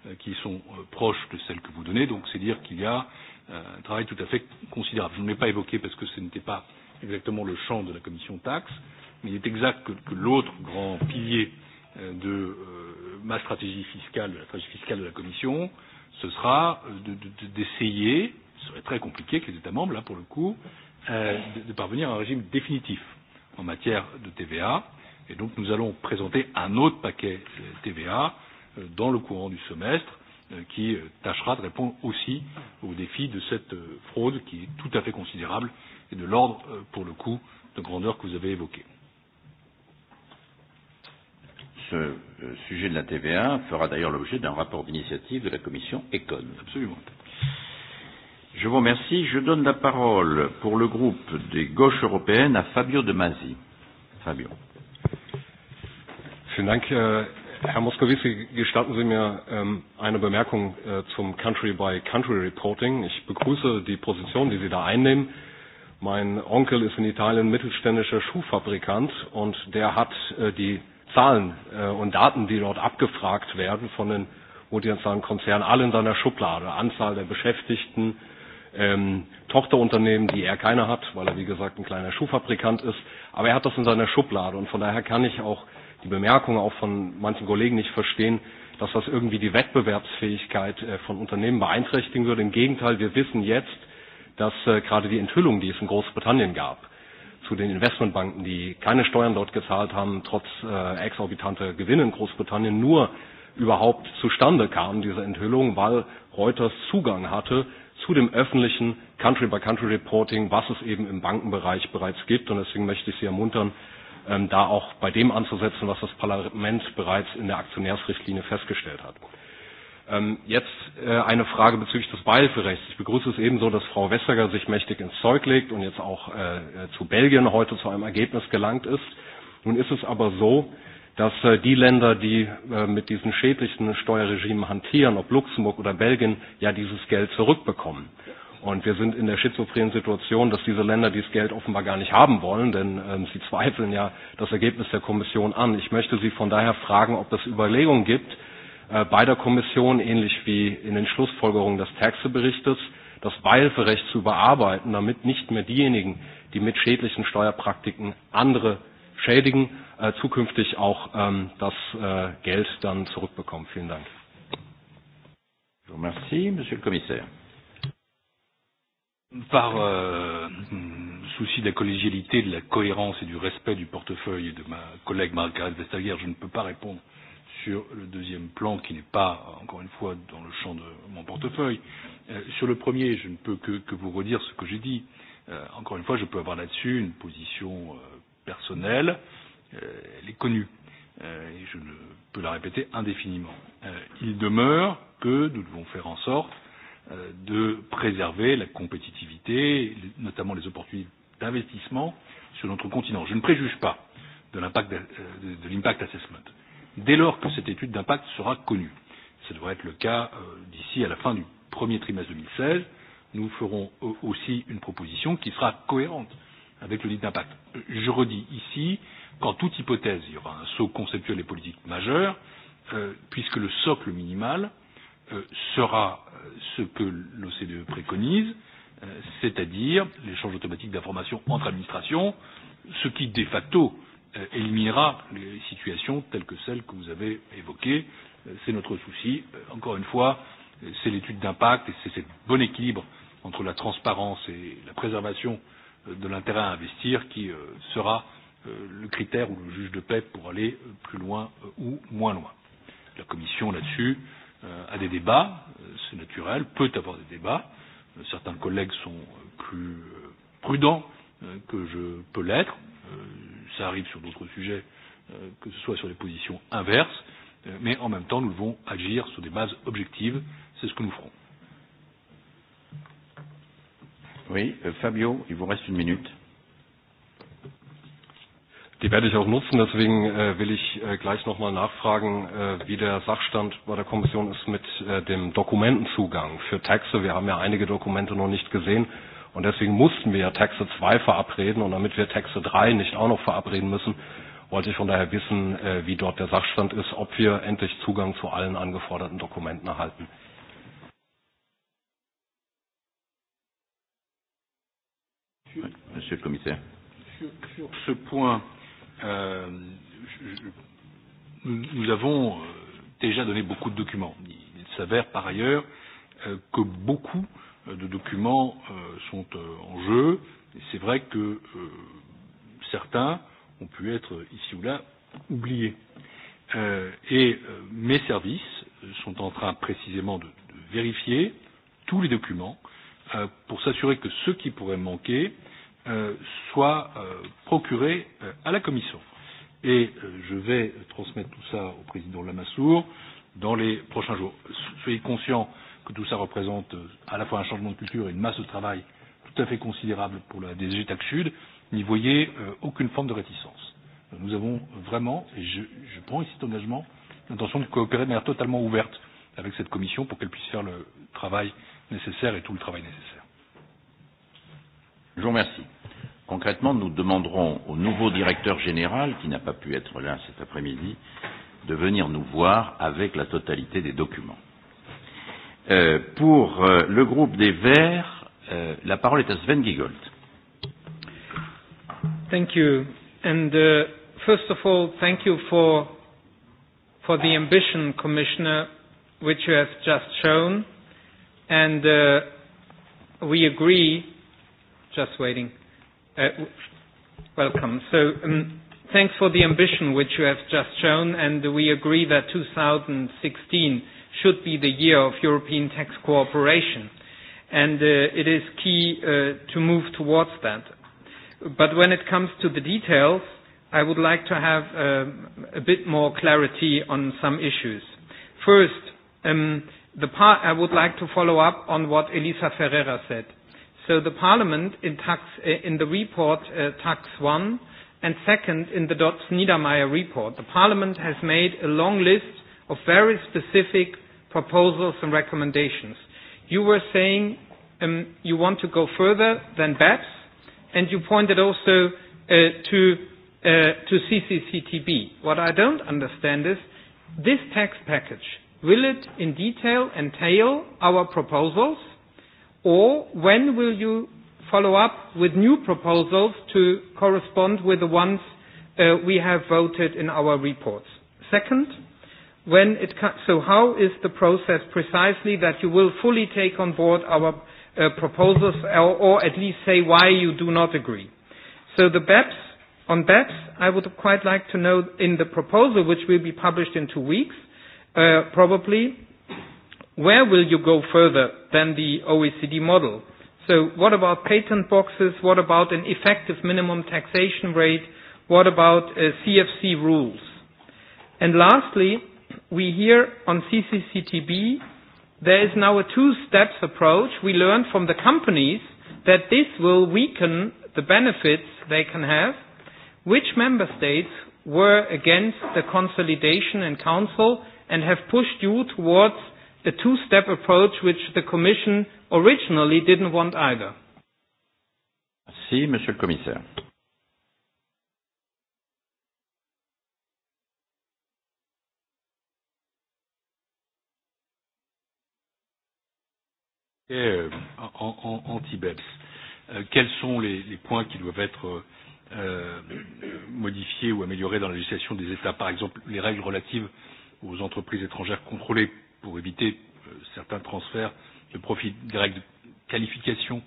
euh, qui sont euh, proches de celles que vous donnez. Donc c'est dire qu'il y a euh, un travail tout à fait considérable. Je ne l'ai pas évoqué parce que ce n'était pas exactement le champ de la commission taxe, mais il est exact que, que l'autre grand pilier euh, de euh, ma stratégie fiscale, la stratégie fiscale de la Commission, ce sera d'essayer, euh, de, de, ce serait très compliqué que les États membres, là pour le coup, euh, de, de parvenir à un régime définitif en matière de TVA. Et donc nous allons présenter un autre paquet euh, TVA euh, dans le courant du semestre euh, qui euh, tâchera de répondre aussi au défi de cette euh, fraude qui est tout à fait considérable et de l'ordre, euh, pour le coup, de grandeur que vous avez évoqué ce euh, sujet de la TVA fera d'ailleurs l'objet d'un rapport d'initiative de la commission ECON. Absolument. Je vous remercie. Je donne la parole pour le groupe des gauches européennes à Fabio De Masi. Fabio. Vielen Dank, äh, Herr Moscovici. Gestatten Sie mir ähm, eine Bemerkung äh, zum Country-by-Country-Reporting. Ich begrüße die Position, die Sie da einnehmen. Mein Onkel ist in Italien mittelständischer Schuhfabrikant und der hat äh, die Zahlen äh, und Daten, die dort abgefragt werden von den multinationalen Konzernen, alle in seiner Schublade. Anzahl der Beschäftigten, ähm, Tochterunternehmen, die er keine hat, weil er wie gesagt ein kleiner Schuhfabrikant ist. Aber er hat das in seiner Schublade und von daher kann ich auch die Bemerkung auch von manchen Kollegen nicht verstehen, dass das irgendwie die Wettbewerbsfähigkeit äh, von Unternehmen beeinträchtigen würde. Im Gegenteil, wir wissen jetzt, dass äh, gerade die Enthüllung, die es in Großbritannien gab, zu den Investmentbanken, die keine Steuern dort gezahlt haben, trotz äh, exorbitanter Gewinne in Großbritannien, nur überhaupt zustande kam, diese Enthüllung, weil Reuters Zugang hatte zu dem öffentlichen Country-by-Country-Reporting, was es eben im Bankenbereich bereits gibt. Und deswegen möchte ich Sie ermuntern, ähm, da auch bei dem anzusetzen, was das Parlament bereits in der Aktionärsrichtlinie festgestellt hat. Ähm, jetzt äh, eine Frage bezüglich des Beihilferechts. Ich begrüße es ebenso, dass Frau Vestager sich mächtig ins Zeug legt und jetzt auch äh, äh, zu Belgien heute zu einem Ergebnis gelangt ist. Nun ist es aber so, dass die Länder, die mit diesen schädlichen Steuerregimen hantieren, ob Luxemburg oder Belgien, ja dieses Geld zurückbekommen. Und wir sind in der schizophrenen Situation, dass diese Länder dieses Geld offenbar gar nicht haben wollen, denn ähm, sie zweifeln ja das Ergebnis der Kommission an. Ich möchte Sie von daher fragen, ob es Überlegungen gibt, äh, bei der Kommission, ähnlich wie in den Schlussfolgerungen des Taxe-Berichtes, das Beihilferecht zu überarbeiten, damit nicht mehr diejenigen, die mit schädlichen Steuerpraktiken andere schädigen, äh, zukünftig auch ähm, das äh, Geld dann zurückbekommen. Vielen Dank. Merci, Monsieur le Commissaire. Par euh, souci de la collégialité, de la cohérence et du respect du portefeuille de ma collègue Margaret Vestager, je ne peux pas répondre sur le deuxième plan, qui n'est pas, encore une fois, dans le champ de mon portefeuille. Euh, sur le premier, je ne peux que, que vous redire ce que j'ai dit. Euh, encore une fois, je peux avoir là-dessus une position euh, personnelle, euh, elle est connue, euh, et je ne peux la répéter indéfiniment. Euh, il demeure que nous devons faire en sorte euh, de préserver la compétitivité, notamment les opportunités d'investissement sur notre continent. Je ne préjuge pas de l'impact euh, assessment dès lors que cette étude d'impact sera connue. Ça devrait être le cas euh, d'ici à la fin du premier trimestre 2016. Nous ferons euh, aussi une proposition qui sera cohérente avec l'audit d'impact. Je redis ici qu'en toute hypothèse, il y aura un saut conceptuel et politique majeur, euh, puisque le socle minimal euh, sera euh, ce que l'OCDE préconise, euh, c'est-à-dire l'échange automatique d'informations entre administrations, ce qui, de facto, euh, Euh, éliminera les situations telles que celles que vous avez évoquées. Euh, c'est notre souci. Euh, encore une fois, c'est l'étude d'impact et c'est ce bon équilibre entre la transparence et la préservation de l'intérêt à investir qui sera le critère ou le juge de paix pour aller plus loin ou moins loin. La Commission, là-dessus, a des débats, c'est naturel, peut avoir des débats. Certains collègues sont plus prudents que je peux l'être ça arrive sur d'autres sujets, euh, que ce soit sur les positions inverses, euh, mais en même temps, nous devons agir sur des bases objectives. C'est ce que nous ferons. Oui, euh, Fabio, il vous reste une minute. Die werde ich auch nutzen. Deswegen äh, will ich äh, gleich nochmal nachfragen, äh, wie der Sachstand bei der Kommission ist mit äh, dem Dokumentenzugang für Texte. Wir haben ja einige Dokumente noch nicht gesehen. Äh, Und deswegen mussten wir ja Taxe 2 verabreden. Und damit wir Taxe 3 nicht auch noch verabreden müssen, wollte ich von daher wissen, äh, wie dort der Sachstand ist, ob wir endlich Zugang zu allen angeforderten Dokumenten erhalten. Monsieur le Commissaire. Sur, sur ce point, euh, je, nous, nous avons euh, déjà donné beaucoup de documents. Il s'avère par ailleurs euh, que beaucoup euh, de documents euh, sont euh, en jeu. Et c'est vrai que euh, certains ont pu être ici ou là oubliés. Euh, et euh, mes services sont en train précisément de, de vérifier tous les documents euh, pour s'assurer que ceux qui pourraient manquer euh, soient euh, procurés euh, à la Commission. Et euh, je vais transmettre tout ça au président Lamassoure dans les prochains jours. Soyez conscients euh, que tout ça représente euh, à la fois un changement de culture et une masse de travail tout à fait considérable pour la DG TAC Sud, n'y voyez euh, aucune forme de réticence. Nous avons vraiment, et je, je prends ici cet engagement, l'intention de coopérer de manière totalement ouverte avec cette commission pour qu'elle puisse faire le travail nécessaire et tout le travail nécessaire. Je vous remercie. Concrètement, nous demanderons au nouveau directeur général, qui n'a pas pu être là cet après-midi, de venir nous voir avec la totalité des documents. Euh, pour euh, le groupe des Verts, euh, la parole est à Sven Giegold. Thank you. And uh, first of all, thank you for for the ambition, Commissioner, which you have just shown. And uh, we agree, just waiting. Uh, welcome. So um, thanks for the ambition which you have just shown, and we agree that 2016 should be the year of European tax cooperation, and uh, it is key uh, to move towards that. But when it comes to the details, I would like to have uh, a bit more clarity on some issues. First, um, the par- I would like to follow up on what Elisa Ferreira said. So the Parliament in, tax, uh, in the report uh, Tax 1 and second in the Dotz-Niedermeyer report, the Parliament has made a long list of very specific proposals and recommendations. You were saying um, you want to go further than BEPS, and you pointed also uh, to, uh, to CCCTB. What I don't understand is this tax package, will it in detail entail our proposals, or when will you follow up with new proposals to correspond with the ones uh, we have voted in our reports? Second, uh, when it so how is the process precisely that you will fully take on board our uh, proposals or, or at least say why you do not agree? So the BEPS, on BEPS, I would quite like to know in the proposal which will be published in two weeks, uh, probably, where will you go further than the OECD model? So what about patent boxes? What about an effective minimum taxation rate? What about uh, CFC rules? And lastly, we hear on CCCTB, there is now a two-steps approach. We learned from the companies that this will weaken the benefits they can have. Which member states were against the consolidation in council and have pushed you towards a two-step approach which the commission originally didn't want either? Si, Monsieur le Commissaire. euh, en, en, en Tibet. Euh, quels sont les, les points qui doivent être euh, modifiés ou améliorés dans la législation des États Par exemple, les règles relatives aux entreprises étrangères contrôlées pour éviter euh, certains transferts de profit, des règles de qualification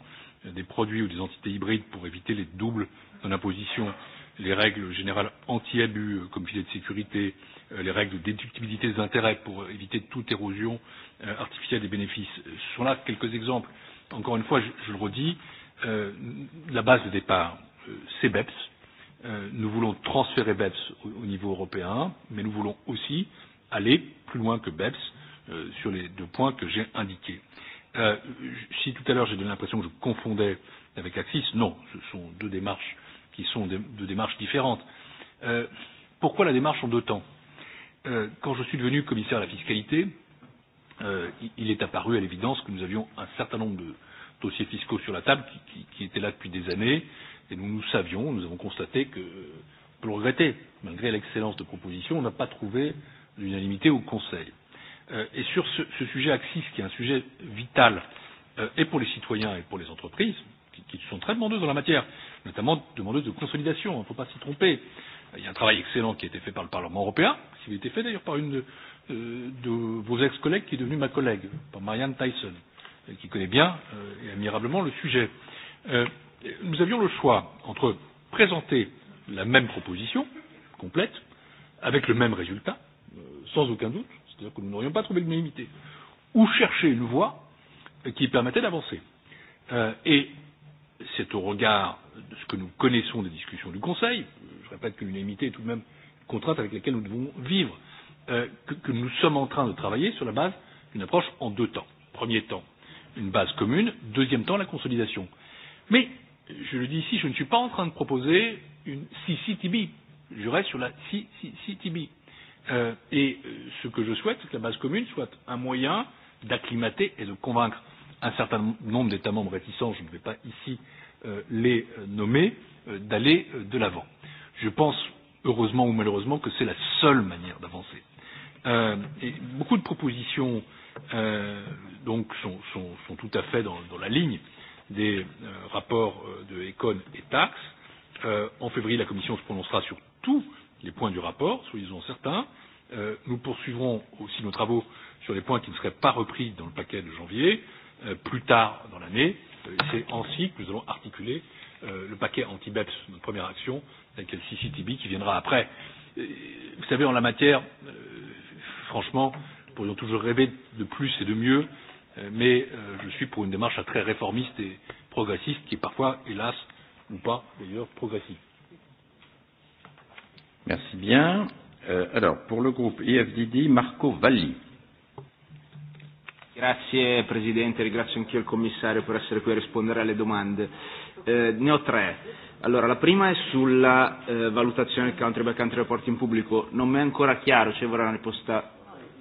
euh, des produits ou des entités hybrides pour éviter les doubles non-impositions, les règles générales anti-abus euh, comme filet de sécurité, euh, Euh, les règles de déductibilité des intérêts pour éviter toute érosion euh, artificielle des bénéfices. Ce sont là quelques exemples. Encore une fois, je, je le redis, euh, la base de départ, euh, c'est BEPS. Euh, nous voulons transférer BEPS au, au niveau européen, mais nous voulons aussi aller plus loin que BEPS euh, sur les deux points que j'ai indiqués. Euh, si tout à l'heure j'ai donné l'impression que je confondais avec Axis, non, ce sont deux démarches qui sont des, deux démarches différentes. Euh, pourquoi la démarche en deux temps euh, quand je suis devenu commissaire à la fiscalité, euh, il est apparu à l'évidence que nous avions un certain nombre de dossiers fiscaux sur la table qui, qui, qui étaient là depuis des années et nous nous savions, nous avons constaté que, on peut le regretter, malgré l'excellence de propositions, on n'a pas trouvé l'unanimité au Conseil. Euh, et sur ce, ce sujet Axis, qui est un sujet vital euh, et pour les citoyens et pour les entreprises, qui, qui sont très demandeuses en la matière, notamment demandeuses de consolidation, il hein, ne faut pas s'y tromper, euh, Il y a un travail excellent qui a été fait par le Parlement européen, qui a été fait d'ailleurs par une de, euh, de vos ex-collègues qui est devenue ma collègue, par Marianne Tyson, qui connaît bien euh, et admirablement le sujet. Euh, nous avions le choix entre présenter la même proposition complète, avec le même résultat, euh, sans aucun doute, c'est-à-dire que nous n'aurions pas trouvé l'unanimité, ou chercher une voie qui permettait d'avancer. Euh, et c'est au regard de ce que nous connaissons des discussions du Conseil, je répète que l'unanimité est tout de même une contrainte avec laquelle nous devons vivre, euh, que, que nous sommes en train de travailler sur la base d'une approche en deux temps. Premier temps, une base commune. Deuxième temps, la consolidation. Mais, je le dis ici, je ne suis pas en train de proposer une CCTB. Je reste sur la CCTB. Euh, et euh, ce que je souhaite, c'est que la base commune soit un moyen d'acclimater et de convaincre un certain nombre d'États membres réticents, je ne vais pas ici euh, les euh, nommer, euh, d'aller euh, de l'avant. Je pense, heureusement ou malheureusement, que c'est la seule manière d'avancer. Euh, et beaucoup de propositions euh, donc sont, sont, sont tout à fait dans, dans la ligne des euh, rapports euh, de Econ et Tax. Euh, en février, la Commission se prononcera sur tous les points du rapport, soyez-en certains. Euh, nous poursuivrons aussi nos travaux sur les points qui ne seraient pas repris dans le paquet de janvier. Euh, Euh, plus tard dans l'année. Euh, c'est ainsi que nous allons articuler euh, le paquet anti-BEPS, notre première action, avec le CCTB qui viendra après. Vous savez, en la matière, franchement, nous pourrions toujours rêver de plus et de mieux, mais je suis pour une démarche très réformiste et progressiste qui est parfois, hélas, ou pas d'ailleurs, progressive. Merci bien. Euh, alors, pour le groupe EFDD, Marco Valli. Grazie Presidente, ringrazio anch'io il Commissario per essere qui a rispondere alle domande. Eh, ne ho tre. Allora, la prima è sulla eh, valutazione del country by country reporting pubblico. Non mi è ancora chiaro, cioè vorrei una risposta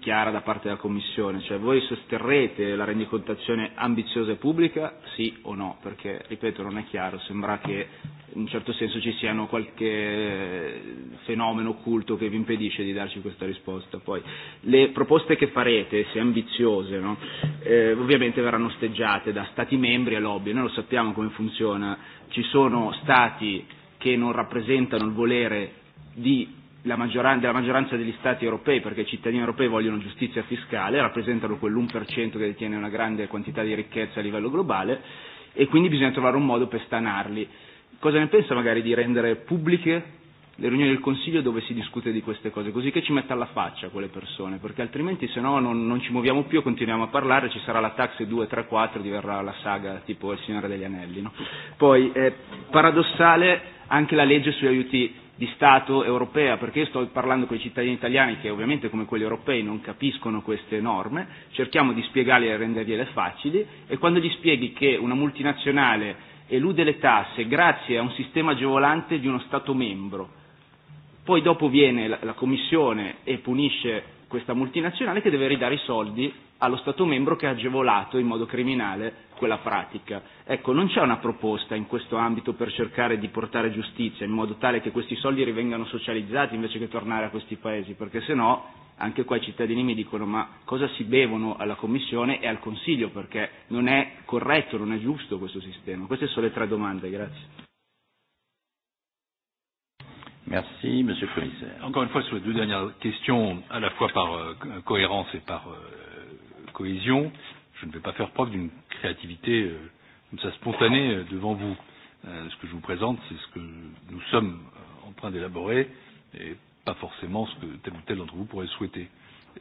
chiara da parte della Commissione, cioè voi sosterrete la rendicontazione ambiziosa e pubblica, sì o no? Perché, ripeto, non è chiaro, sembra che in un certo senso ci siano qualche eh, fenomeno occulto che vi impedisce di darci questa risposta. Poi le proposte che farete, se ambiziose, no? eh, ovviamente verranno osteggiate da Stati membri e lobby, noi lo sappiamo come funziona, ci sono Stati che non rappresentano il volere di la maggioranza, della maggioranza degli Stati europei, perché i cittadini europei vogliono giustizia fiscale, rappresentano quell'1% che detiene una grande quantità di ricchezza a livello globale e quindi bisogna trovare un modo per stanarli. Cosa ne pensa magari di rendere pubbliche le riunioni del Consiglio dove si discute di queste cose, così che ci metta alla faccia quelle persone, perché altrimenti se no non, non ci muoviamo più, continuiamo a parlare, ci sarà la tax 2, 3, 4, diverrà la saga tipo Il Signore degli Anelli. No? Poi è eh, paradossale anche la legge sugli aiuti di Stato europea, perché io sto parlando con i cittadini italiani che ovviamente come quelli europei non capiscono queste norme, cerchiamo di spiegarle e rendergliele facili e quando gli spieghi che una multinazionale elude le tasse grazie a un sistema agevolante di uno Stato membro, poi dopo viene la, la Commissione e punisce questa multinazionale che deve ridare i soldi allo Stato membro che ha agevolato in modo criminale quella pratica. Ecco, non c'è una proposta in questo ambito per cercare di portare giustizia in modo tale che questi soldi rivengano socializzati invece che tornare a questi paesi, perché se no anche qua i cittadini mi dicono ma cosa si bevono alla Commissione e al Consiglio perché non è corretto, non è giusto questo sistema. Queste sono le tre domande, grazie. Merci, Monsieur le Commissaire. Encore une fois, sur les deux dernières questions, à la fois par euh, cohérence et par euh, cohésion. Je ne vais pas faire preuve d'une créativité euh, comme ça spontanée euh, devant vous. Euh, ce que je vous présente, c'est ce que nous sommes euh, en train d'élaborer et pas forcément ce que tel ou tel d'entre vous pourrait souhaiter.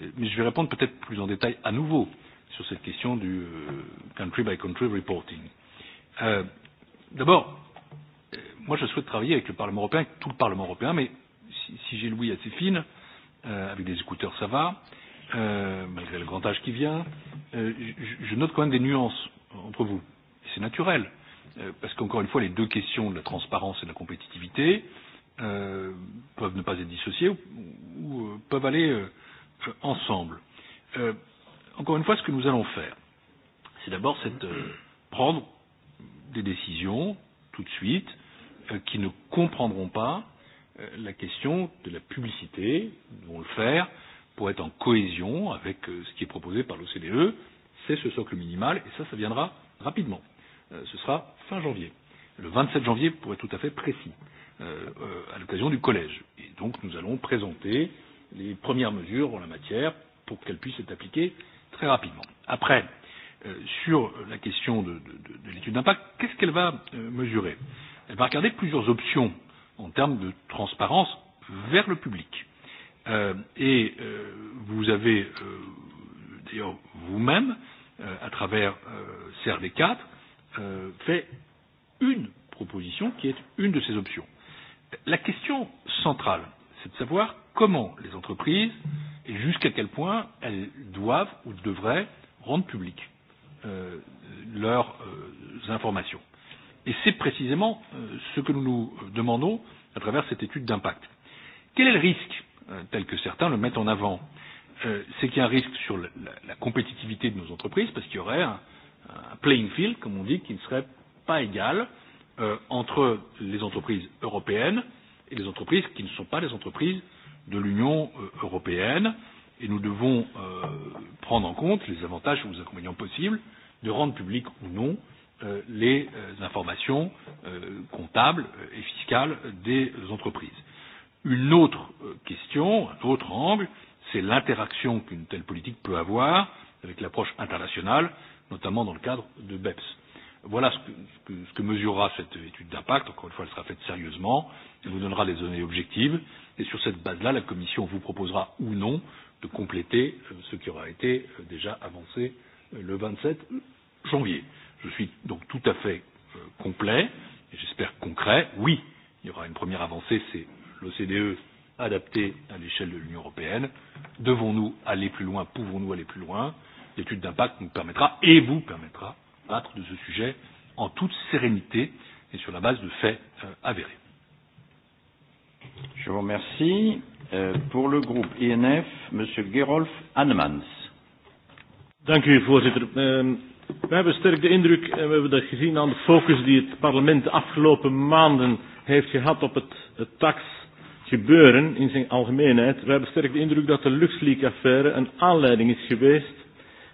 Euh, mais je vais répondre peut-être plus en détail à nouveau sur cette question du euh, country by country reporting. Euh, D'abord, euh, moi je souhaite travailler avec le Parlement européen, avec tout le Parlement européen, mais si, si j'ai l'ouïe assez fine, euh, avec des écouteurs ça va, euh, euh, malgré le grand âge qui vient, euh, je, je note quand même des nuances entre vous. C'est naturel, euh, parce qu'encore une fois, les deux questions de la transparence et de la compétitivité euh, peuvent ne pas être dissociées ou, ou euh, peuvent aller euh, ensemble. Euh, encore une fois, ce que nous allons faire, c'est d'abord euh, prendre des décisions tout de suite euh, qui ne comprendront pas euh, la question de la publicité, nous allons le faire, euh, pour être en cohésion avec euh, ce qui est proposé par l'OCDE, c'est ce socle minimal, et ça, ça viendra rapidement. Euh, ce sera fin janvier, le 27 janvier pour être tout à fait précis, euh, à l'occasion du collège. Et donc, nous allons présenter les premières mesures en la matière pour qu'elles puissent être appliquées très rapidement. Après, sur la question de, de, de, de l'étude d'impact, qu'est-ce qu'elle va mesurer Elle va regarder plusieurs options en termes de transparence vers le public Euh, et euh, vous avez euh, d'ailleurs vous-même, euh, à travers euh, CRD4, euh, fait une proposition qui est une de ces options. La question centrale, c'est de savoir comment les entreprises et jusqu'à quel point elles doivent ou devraient rendre publiques euh, leurs euh, informations. Et c'est précisément euh, ce que nous nous demandons à travers cette étude d'impact. Quel est le risque euh, tels que certains le mettent en avant, euh, c'est qu'il y a un risque sur la, la, la compétitivité de nos entreprises parce qu'il y aurait un, un playing field, comme on dit, qui ne serait pas égal euh, entre les entreprises européennes et les entreprises qui ne sont pas les entreprises de l'Union euh, européenne. Et nous devons euh, prendre en compte les avantages ou les inconvénients possibles de rendre public ou non euh, les euh, informations euh, comptables euh, et fiscales des entreprises. Une autre question, un autre angle, c'est l'interaction qu'une telle politique peut avoir avec l'approche internationale, notamment dans le cadre de BEPS. Voilà ce que, ce que, ce que mesurera cette étude d'impact. Encore une fois, elle sera faite sérieusement. Elle vous donnera des données objectives. Et sur cette base-là, la Commission vous proposera ou non de compléter euh, ce qui aura été euh, déjà avancé euh, le 27 janvier. Je suis donc tout à fait complet et j'espère concret. Oui, il y aura une première avancée, c'est l'OCDE adaptée à l'échelle de l'Union européenne. Devons-nous aller plus loin Pouvons-nous aller plus loin L'étude d'impact nous permettra et vous permettra de battre de ce sujet en toute sérénité et sur la base de faits euh, avérés. Je vous remercie. Euh, pour le groupe INF, M. Gerolf Annemans. Dank u, voorzitter. Uh, we hebben sterk de indruk, en we hebben dat gezien aan de focus die het parlement de afgelopen maanden heeft gehad op het, het tax gebeuren in zijn algemeenheid. Wij hebben sterk de indruk dat de LuxLeaks-affaire een aanleiding is geweest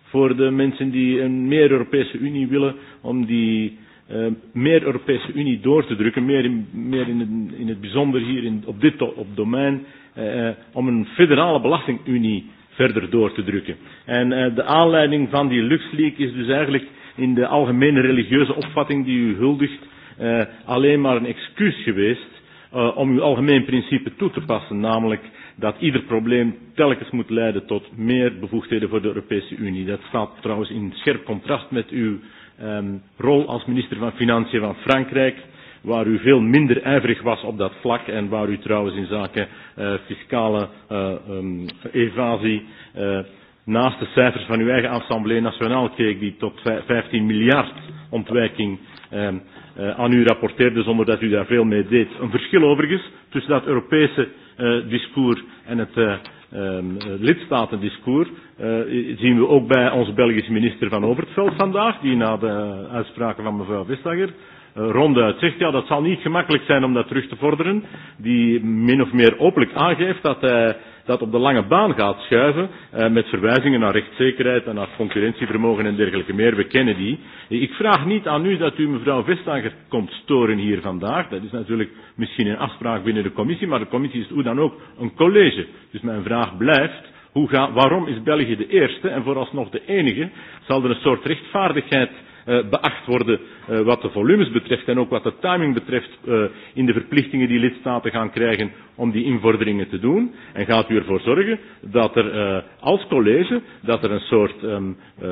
voor de mensen die een meer Europese Unie willen, om die uh, meer Europese Unie door te drukken, meer in, meer in, het, in het bijzonder hier in, op dit op domein, uh, om een federale belastingunie verder door te drukken. En uh, de aanleiding van die LuxLeak is dus eigenlijk in de algemene religieuze opvatting die u huldigt, uh, alleen maar een excuus geweest uh, om uw algemeen principe toe te passen, namelijk dat ieder probleem telkens moet leiden tot meer bevoegdheden voor de Europese Unie. Dat staat trouwens in scherp contrast met uw um, rol als minister van Financiën van Frankrijk, waar u veel minder ijverig was op dat vlak en waar u trouwens in zaken uh, fiscale uh, um, evasie uh, naast de cijfers van uw eigen Assemblée Nationale keek, die tot 15 miljard ontwijking Ehm, eh, aan uw rapporteur, dus zonder dat u daar veel mee deed. Een verschil overigens tussen dat Europese eh, discours en het eh, ehm, lidstatendiscours zien we ook bij onze Belgische minister van Overtveld vandaag, die na de uitspraken van mevrouw Vestager ronduit zegt, ja dat zal niet gemakkelijk zijn om dat terug te vorderen, die min of meer openlijk aangeeft dat hij dat op de lange baan gaat schuiven eh, met verwijzingen naar rechtszekerheid en naar concurrentievermogen en dergelijke meer. We kennen die. Ik vraag niet aan u dat u mevrouw Vestager komt storen hier vandaag. Dat is natuurlijk misschien een afspraak binnen de commissie, maar de commissie is hoe dan ook een college. Dus mijn vraag blijft. Hoe ga, waarom is België de eerste en vooralsnog de enige? Zal er een soort rechtvaardigheid uh, beacht worden uh, wat de volumes betreft en ook wat de timing betreft uh, in de verplichtingen die lidstaten gaan krijgen om die invorderingen te doen. En gaat u ervoor zorgen dat er uh, als college dat er een soort um, uh,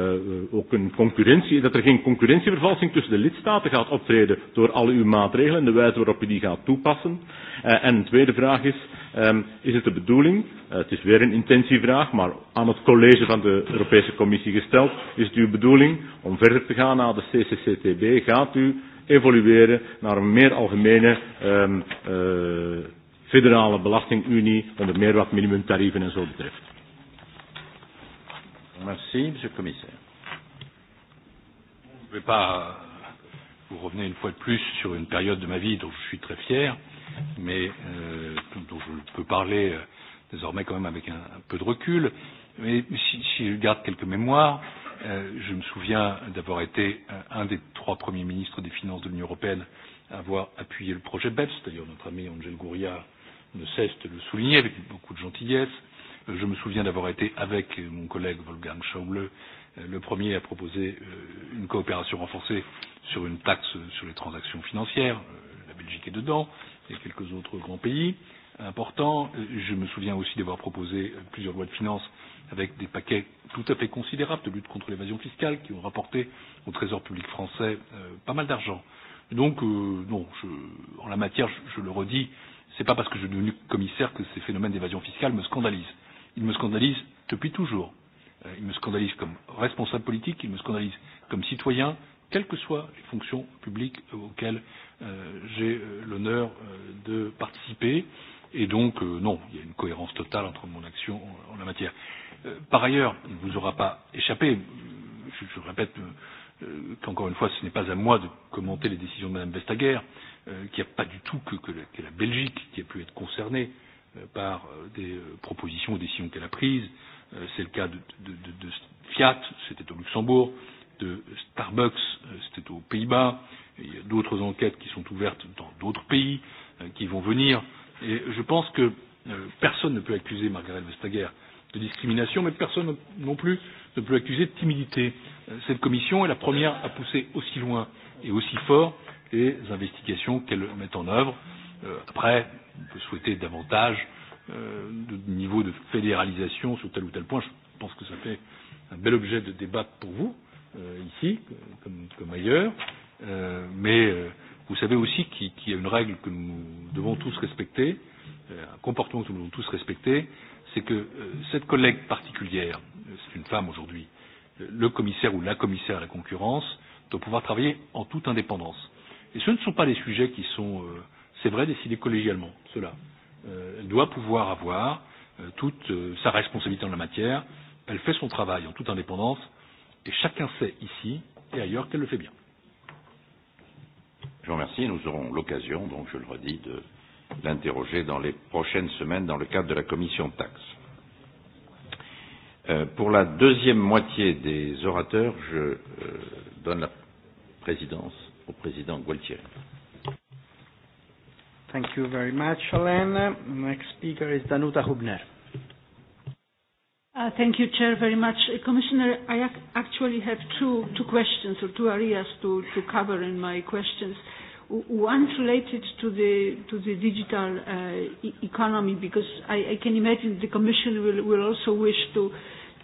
ook een concurrentie, dat er geen concurrentievervalsing tussen de lidstaten gaat optreden door al uw maatregelen en de wijze waarop u die gaat toepassen. Uh, en een tweede vraag is Um, is het de bedoeling, uh, het is weer een intentievraag, maar aan het college van de Europese Commissie gesteld, is het uw bedoeling om verder te gaan naar de CCCTB? Gaat u evolueren naar een meer algemene um, uh, federale belastingunie, onder meer wat minimumtarieven en zo betreft? Merci, monsieur le commissaire. Je ne vais pas vous revenez une fois de plus sur une période de ma vie dont je suis très fier. Euh, mais euh, dont je peux parler euh, désormais quand même avec un, un peu de recul. Mais si, si je garde quelques mémoires, euh, je me souviens d'avoir été euh, un des trois premiers ministres des Finances de l'Union européenne à avoir appuyé le projet BEPS. D'ailleurs, notre ami Angel Gouria ne cesse de le souligner avec beaucoup de gentillesse. Euh, je me souviens d'avoir été avec euh, mon collègue Wolfgang Schauble euh, le premier à proposer euh, une coopération renforcée sur une taxe sur les transactions financières. La Belgique est dedans et quelques autres grands pays importants. Je me souviens aussi d'avoir proposé plusieurs lois de finances avec des paquets tout à fait considérables de lutte contre l'évasion fiscale qui ont rapporté au Trésor public français euh, pas mal d'argent. Donc, euh, non, je, en la matière, je, je le redis, ce n'est pas parce que je suis devenu commissaire que ces phénomènes d'évasion fiscale me scandalisent. Ils me scandalisent depuis toujours. Euh, ils me scandalisent comme responsable politique, ils me scandalisent comme citoyen, quelles que soient les fonctions publiques euh, auxquelles euh, j'ai euh, l'honneur euh, de participer. Et donc, euh, non, il y a une cohérence totale entre mon action en, en la matière. Euh, par ailleurs, il ne vous aura pas échappé, je, je répète euh, euh qu'encore une fois, ce n'est pas à moi de commenter les décisions de Mme Vestager, euh, qu'il n'y a pas du tout que, que, la, que la Belgique qui a pu être concernée euh, par euh, des euh, propositions ou décisions qu'elle a prises. Euh, C'est le cas de, de, de, de Fiat, c'était au Luxembourg. Euh, de euh, Starbucks, euh, c'était aux Pays-Bas. Il y a d'autres enquêtes qui sont ouvertes dans d'autres pays euh, qui vont venir. Et je pense que personne ne peut accuser Margaret Vestager de discrimination, mais personne non plus ne peut accuser de timidité. Cette commission est la première à pousser aussi loin et aussi fort les investigations qu'elle met en œuvre. Après, on peut souhaiter davantage de niveau de fédéralisation sur tel ou tel point. Je pense que ça fait un bel objet de débat pour vous euh, ici, comme, comme ailleurs, euh, mais euh, vous savez aussi qu'il qu y a une règle que nous devons tous respecter, euh, un comportement que nous devons tous respecter, c'est que euh, cette collègue particulière, euh, c'est une femme aujourd'hui, euh, le commissaire ou la commissaire à la concurrence, doit pouvoir travailler en toute indépendance. Et ce ne sont pas des sujets qui sont, euh, c'est vrai, décidés collégialement, cela. Euh, elle doit pouvoir avoir euh, toute euh, sa responsabilité en la matière, elle fait son travail en toute indépendance, Et chacun sait ici et ailleurs qu'elle le fait bien. Je vous remercie. Nous aurons l'occasion, donc je le redis, de l'interroger dans les prochaines semaines dans le cadre de la commission taxe. Euh, pour la deuxième moitié des orateurs, je euh, donne la présidence au président Gualtieri. Thank you very much, Alain. Next speaker is Danuta Hubner. Uh, thank you, Chair, very much. Uh, Commissioner, I ac actually have two, two questions or two areas to, to cover in my questions. One's related to the, to the digital uh, e economy, because I, I can imagine the Commission will, will also wish to,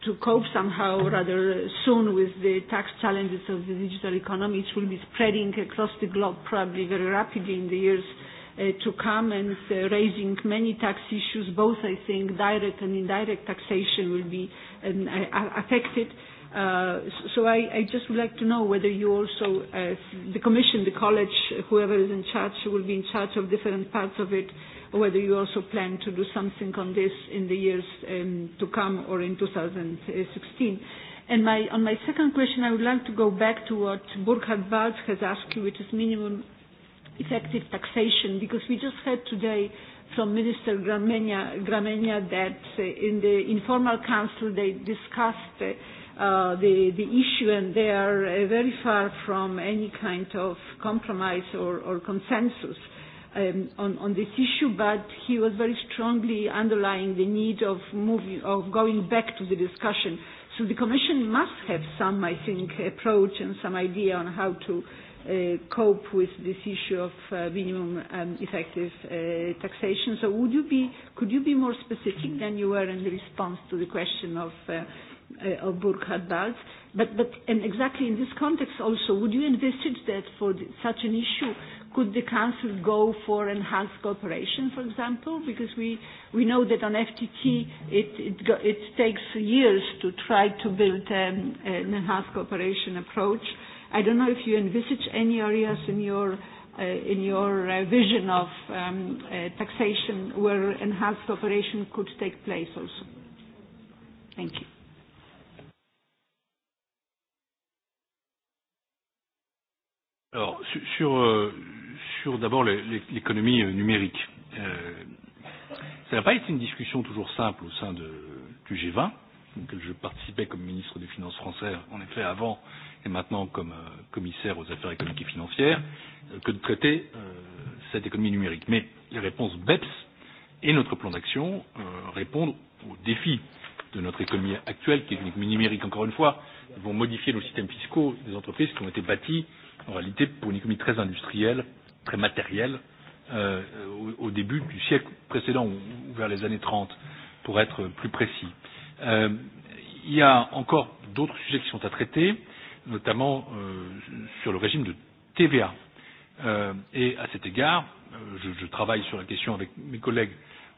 to cope somehow rather soon with the tax challenges of the digital economy. It will be spreading across the globe probably very rapidly in the years uh, Uh, to come and uh, raising many tax issues, both I think direct and indirect taxation will be um, affected. Uh, so I, I just would like to know whether you also, uh, the Commission, the College, whoever is in charge, will be in charge of different parts of it, whether you also plan to do something on this in the years um, to come or in 2016. And my, on my second question, I would like to go back to what Burkhard Balz has asked you, which is minimum effective taxation because we just heard today from Minister Gramenia, Gramenia that uh, in the informal council they discussed uh, uh, the, the issue and they are uh, very far from any kind of compromise or, or consensus um, on, on this issue, but he was very strongly underlying the need of, moving, of going back to the discussion. So the Commission must have some, I think, approach and some idea on how to uh, uh, cope with this issue of uh, minimum um, effective uh, taxation. So would you be, could you be more specific mm-hmm. than you were in the response to the question of, uh, uh, of Burkhard Balz? But, but and exactly in this context also, would you envisage that for the, such an issue, could the Council go for enhanced cooperation, for example? Because we, we know that on FTT mm-hmm. it, it, go, it takes years to try to build um, an enhanced cooperation approach. Uh, I don't know if you envisage any areas in your uh, in your uh, vision of um, uh, taxation where enhanced cooperation could take place also. Thank you. Alors, sur, sur, euh, sur d'abord l'économie euh, numérique, euh, ça n'a pas été une discussion toujours simple au sein de, du G20 auquel je participais comme ministre des Finances français, en effet avant et maintenant comme euh, commissaire aux affaires économiques et financières, euh, que de traiter euh, cette économie numérique. Mais les réponses BEPS et notre plan d'action euh, répondent aux défis de notre économie actuelle, qui est une économie numérique, encore une fois, vont modifier nos systèmes fiscaux des entreprises qui ont été bâties, en réalité, pour une économie très industrielle, très matérielle, euh, au, au début du siècle précédent, ou vers les années 30, pour être plus précis. Euh, Euh, il y a encore d'autres sujets qui sont à traiter, notamment euh, sur le régime de TVA. Euh, et à cet égard, euh, je, je travaille sur la question avec mes collègues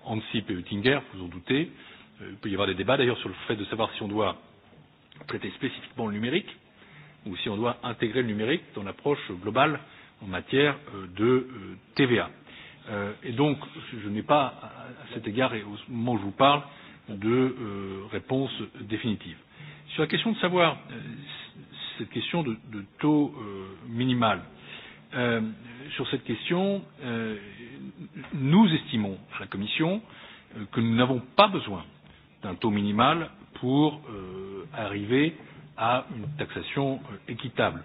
Ansip et Oettinger, vous en doutez. Euh, il peut y avoir des débats d'ailleurs sur le fait de savoir si on doit traiter spécifiquement le numérique ou si on doit intégrer le numérique dans l'approche globale en matière euh, de euh, TVA. Euh, et donc, je n'ai pas à cet égard, et au moment où je vous parle, euh, de euh, réponse définitive. Sur la question de savoir euh, cette question de, de taux euh, minimal, euh, sur cette question, euh, nous estimons à la Commission euh, que nous n'avons pas besoin d'un taux minimal pour euh, arriver à une taxation euh, équitable.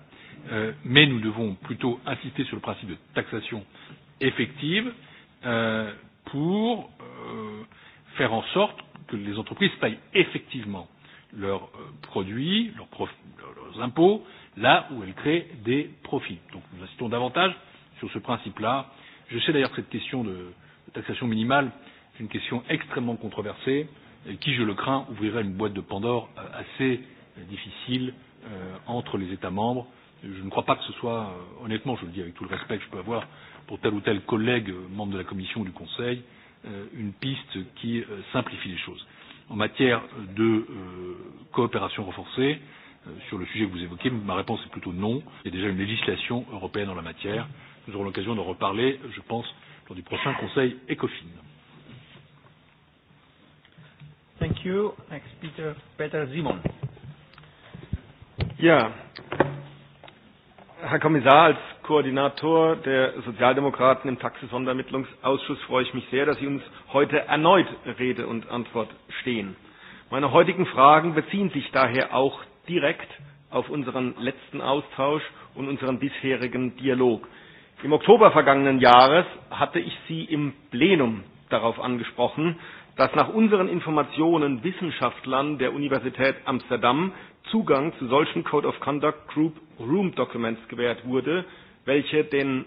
Euh, mais nous devons plutôt insister sur le principe de taxation effective euh, pour euh, faire en sorte que les entreprises payent effectivement leurs euh, produits, leurs, prof, leurs impôts, là où elles créent des profits. Donc nous insistons davantage sur ce principe-là. Je sais d'ailleurs que cette question de taxation minimale est une question extrêmement controversée et qui, je le crains, ouvrirait une boîte de Pandore euh, assez euh, difficile euh, entre les États membres. Je ne crois pas que ce soit, euh, honnêtement, je le dis avec tout le respect que je peux avoir pour tel ou tel collègue membre de la Commission ou du Conseil, euh, Euh, une piste qui euh, simplifie les choses. En matière de euh, coopération renforcée, sur le sujet que vous évoquez, ma réponse est plutôt non. Il y a déjà une législation européenne en la matière. Nous aurons l'occasion d'en reparler, je pense, lors du prochain Conseil ECOFIN. Thank you. Next, Peter, Peter Simon. Ja, Herr Kommissar, als Koordinator der Sozialdemokraten im Taxisondermittlungsausschuss freue ich mich sehr, dass Sie uns heute erneut Rede und Antwort stehen. Meine heutigen Fragen beziehen sich daher auch direkt auf unseren letzten Austausch und unseren bisherigen Dialog. Im Oktober vergangenen Jahres hatte ich Sie im Plenum darauf angesprochen, dass nach unseren Informationen Wissenschaftlern der Universität Amsterdam Zugang zu solchen Code of Conduct Group Room Documents gewährt wurde, welche den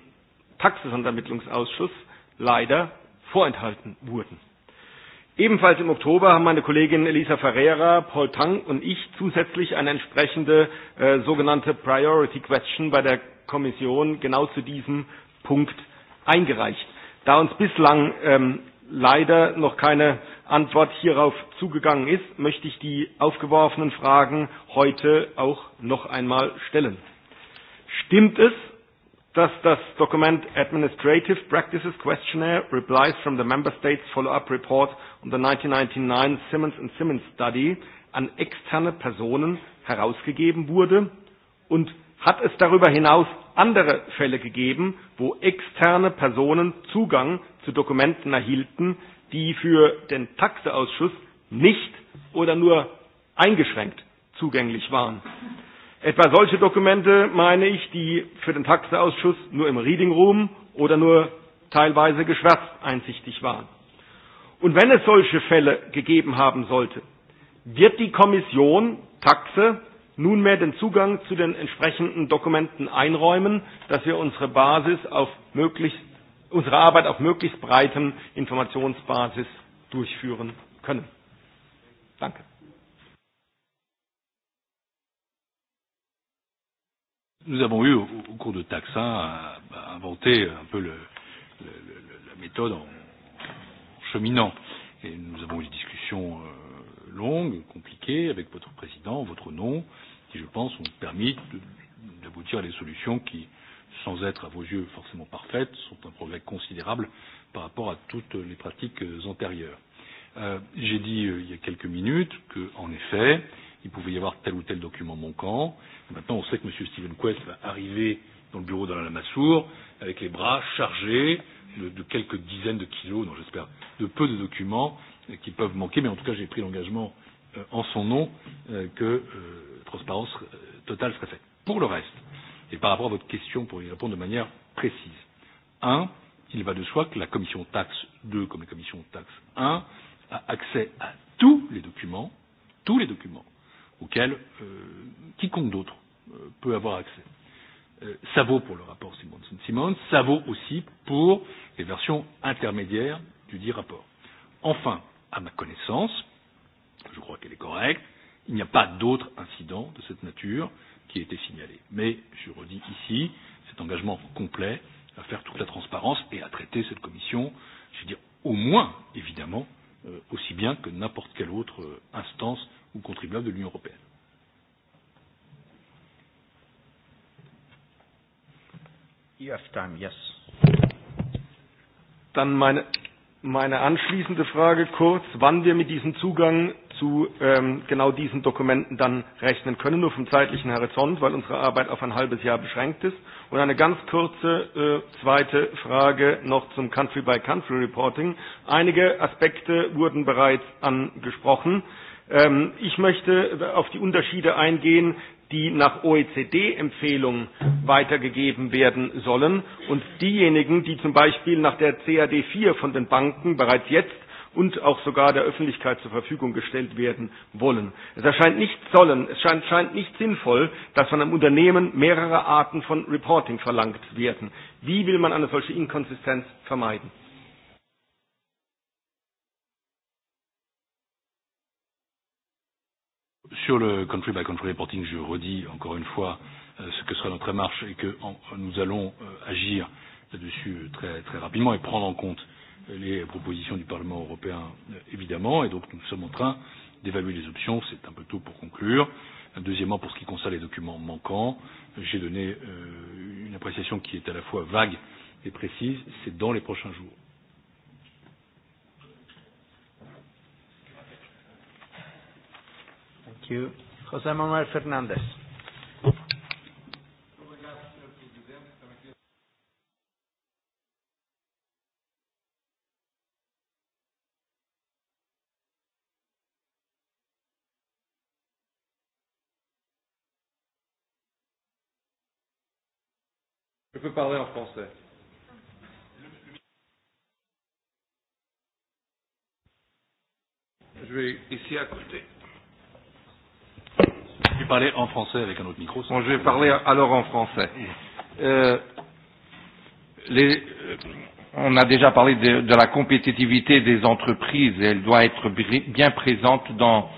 Taxesondermittlungsausschuss leider vorenthalten wurden. Ebenfalls im Oktober haben meine Kollegin Elisa Ferreira, Paul Tang und ich zusätzlich eine entsprechende äh, sogenannte Priority Question bei der Kommission genau zu diesem Punkt eingereicht. Da uns bislang ähm, leider noch keine Antwort hierauf zugegangen ist, möchte ich die aufgeworfenen Fragen heute auch noch einmal stellen. Stimmt es, Does das Dokument Administrative Practices Questionnaire Replies from the Member States Follow-up Report on the 1999 Simmons and Simmons Study an externe Personen herausgegeben wurde? Und hat es darüber hinaus andere Fälle gegeben, wo externe Personen Zugang zu Dokumenten erhielten, die für den Taxeausschuss nicht oder nur eingeschränkt zugänglich waren? Etwa solche Dokumente, meine ich, die für den Taxausschuss nur im Reading Room oder nur teilweise geschwärzt einsichtig waren. Und wenn es solche Fälle gegeben haben sollte, wird die Kommission Taxe nunmehr den Zugang zu den entsprechenden Dokumenten einräumen, dass wir unsere Basis auf möglichst, unsere Arbeit auf möglichst breitem Informationsbasis durchführen können. Danke. nous avons eu, au, au cours de Tax 1, à, à inventer un peu le, le, le, la méthode en, en cheminant. Et nous avons eu des discussions euh, longues, compliquées, avec votre président, votre nom, qui, je pense, ont permis d'aboutir à des solutions qui, sans être à vos yeux forcément parfaites, sont un progrès considérable par rapport à toutes les pratiques euh, antérieures. Euh, J'ai dit euh, il y a quelques minutes qu'en effet, euh, il pouvait y avoir tel ou tel document manquant. Maintenant, on sait que M. Stephen Quest va arriver dans le bureau d'Alain Lamassoure avec les bras chargés de, de quelques dizaines de kilos, non j'espère, de peu de documents euh, qui peuvent manquer, mais en tout cas j'ai pris l'engagement euh, en son nom euh, que euh, transparence euh, totale serait faite. Pour le reste, et par rapport à votre question pour y répondre de manière précise, un, il va de soi que la commission taxe 2 comme la commission taxe 1 a accès à tous les documents, tous les documents auquel euh, quiconque d'autre euh, peut avoir accès. Euh, ça vaut pour le rapport Simonson-Simon, ça vaut aussi pour les versions intermédiaires du dit rapport. Enfin, à ma connaissance, je crois qu'elle est correcte, il n'y a pas d'autres incidents de cette nature qui aient été signalés. Mais je redis ici cet engagement complet à faire toute la transparence et à traiter cette commission, je veux dire, au moins, évidemment, euh, aussi bien que n'importe quelle autre euh, instance aux contribuables de l'Union européenne. You have time, yes. Dann meine, meine anschließende Frage kurz, wann wir mit diesem Zugang zu ähm, genau diesen Dokumenten dann rechnen können, nur vom zeitlichen Horizont, weil unsere Arbeit auf ein halbes Jahr beschränkt ist. Und eine ganz kurze äh, zweite Frage noch zum Country-by-Country -Country Reporting. Einige Aspekte wurden bereits angesprochen. Äh, Ähm, ich möchte auf die Unterschiede eingehen, die nach OECD-Empfehlungen weitergegeben werden sollen und diejenigen, die zum Beispiel nach der CAD 4 von den Banken bereits jetzt und auch sogar der Öffentlichkeit zur Verfügung gestellt werden wollen. Es erscheint nicht sollen, es scheint, scheint nicht sinnvoll, dass von einem Unternehmen mehrere Arten von Reporting verlangt werden. Wie will man eine solche Inkonsistenz vermeiden? Sur le country by country reporting, je redis encore une fois euh, ce que sera notre démarche et que en, nous allons euh, agir là-dessus euh, très, très rapidement et prendre en compte euh, les propositions du Parlement européen, euh, évidemment. Et donc, nous sommes en train d'évaluer les options. C'est un peu tôt pour conclure. Deuxièmement, pour ce qui concerne les documents manquants, j'ai donné euh, une appréciation qui est à la fois vague et précise. C'est dans les prochains jours Thank you. José Manuel Fernández. Je peux parler en français. Je vais ici à côté. Je vais parler en français avec un autre micro. Bon, je vais parler alors en français. Euh, les, euh, on a déjà parlé de, de la compétitivité des entreprises et elle doit être bien présente dans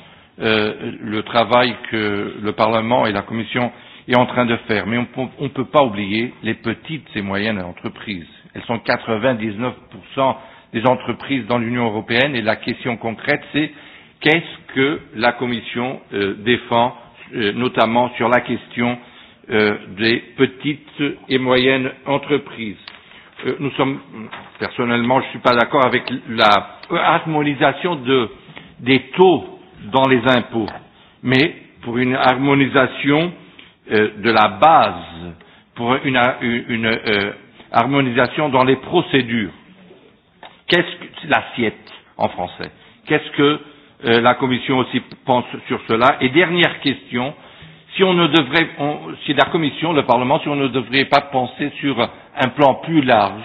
euh, le travail que le Parlement et la Commission est en train de faire. Mais on ne peut pas oublier les petites et moyennes entreprises. Elles sont 99% des entreprises dans l'Union européenne et la question concrète c'est qu'est-ce que la Commission euh, défend euh, notamment sur la question euh, des petites et moyennes entreprises. Euh, nous sommes, personnellement, je ne suis pas d'accord avec la euh, harmonisation de, des taux dans les impôts, mais pour une harmonisation euh, de la base, pour une, une, euh, une euh, harmonisation dans les procédures. Qu'est-ce que l'assiette en français Qu'est-ce que euh, Euh, la Commission aussi pense sur cela. Et dernière question, si on ne devrait, on, si la Commission, le Parlement, si on ne devrait pas penser sur un plan plus large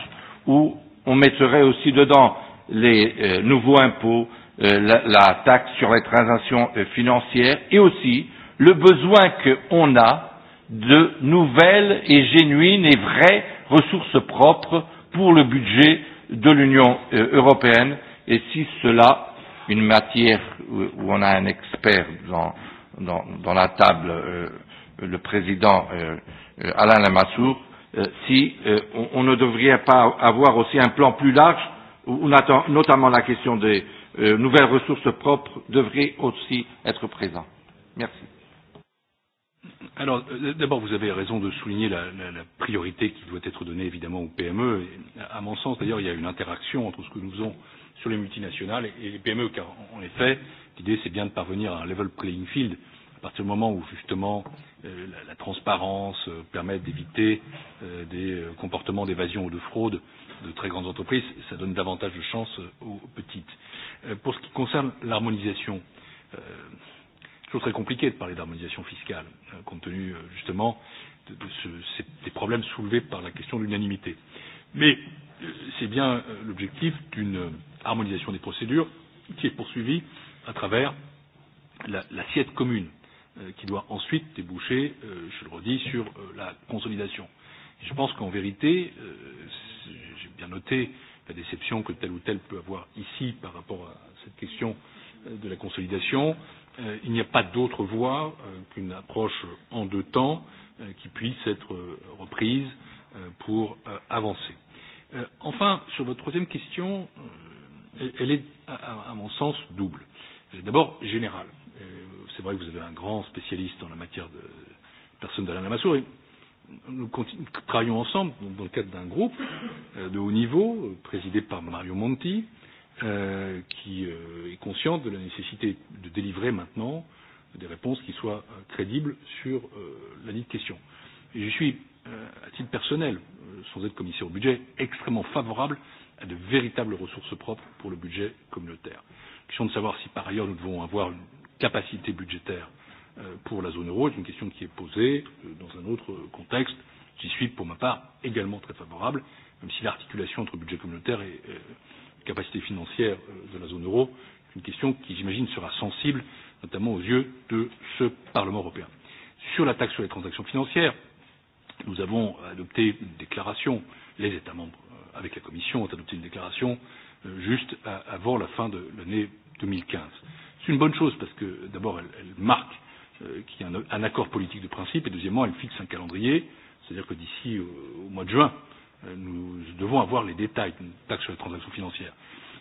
où on mettrait aussi dedans les euh, nouveaux impôts, euh, la, la taxe sur les transactions euh, financières et aussi le besoin qu'on a de nouvelles et génuines et vraies ressources propres pour le budget de l'Union euh, européenne et si cela une matière où, où on a un expert dans, dans, dans la table, euh, le président euh, Alain Lamassoure, euh, si euh, on, on ne devrait pas avoir aussi un plan plus large où attend, notamment la question des euh, nouvelles ressources propres devrait aussi être présente. Merci. Alors, euh, d'abord, vous avez raison de souligner la, la, la priorité qui doit être donnée évidemment aux PME. Et, à mon sens, d'ailleurs, il y a une interaction entre ce que nous faisons euh, sur les multinationales et les PME, car en effet, l'idée c'est bien de parvenir à un level playing field à partir du moment où justement euh, la, la transparence euh, permet d'éviter euh, des euh, comportements d'évasion ou de fraude de très grandes entreprises, ça donne davantage de chances euh, aux petites. Euh, pour ce qui concerne l'harmonisation, euh, toujours très compliqué de parler d'harmonisation fiscale, euh, compte tenu euh, justement de, de ce, ces, des problèmes soulevés par la question de l'unanimité. Mais c'est bien euh, l'objectif d'une harmonisation des procédures qui est poursuivie à travers l'assiette la, commune euh, qui doit ensuite déboucher, euh, je le redis, sur la consolidation. Et je pense qu'en vérité, j'ai bien noté la déception que tel ou tel peut avoir ici par rapport à cette question de la consolidation. Il n'y a pas d'autre voie qu'une approche en deux temps qui puisse être reprise pour avancer. Euh, enfin, sur votre troisième question, euh, elle est, à, à mon sens, double. Euh, d'abord, générale. Euh, C'est vrai que vous avez un grand spécialiste en la matière de personne d'Alain Lamassoure, et nous travaillons ensemble dans le cadre d'un groupe euh, de haut niveau euh, présidé par Mario Monti, euh, qui euh, est conscient de la nécessité de délivrer maintenant des réponses qui soient crédibles sur euh, la dite question. Et je suis Euh, à titre personnel, euh, sans être commissaire au budget, extrêmement favorable à de véritables ressources propres pour le budget communautaire. La question de savoir si par ailleurs nous devons avoir une capacité budgétaire euh, pour la zone euro est une question qui est posée dans un autre contexte. J'y suis pour ma part également très favorable, même si l'articulation entre budget communautaire et capacité financière de la zone euro est une question qui, j'imagine, sera sensible, notamment aux yeux de ce Parlement européen. Sur la taxe sur les transactions financières, Nous avons adopté une déclaration, les États membres euh, avec la Commission ont adopté une déclaration euh, juste avant la fin de l'année 2015. C'est une bonne chose parce que d'abord elle, elle marque euh, qu'il y a un, un accord politique de principe et deuxièmement elle fixe un calendrier, c'est-à-dire que d'ici au, au mois de juin, nous devons avoir les détails d'une taxe sur les transactions financières.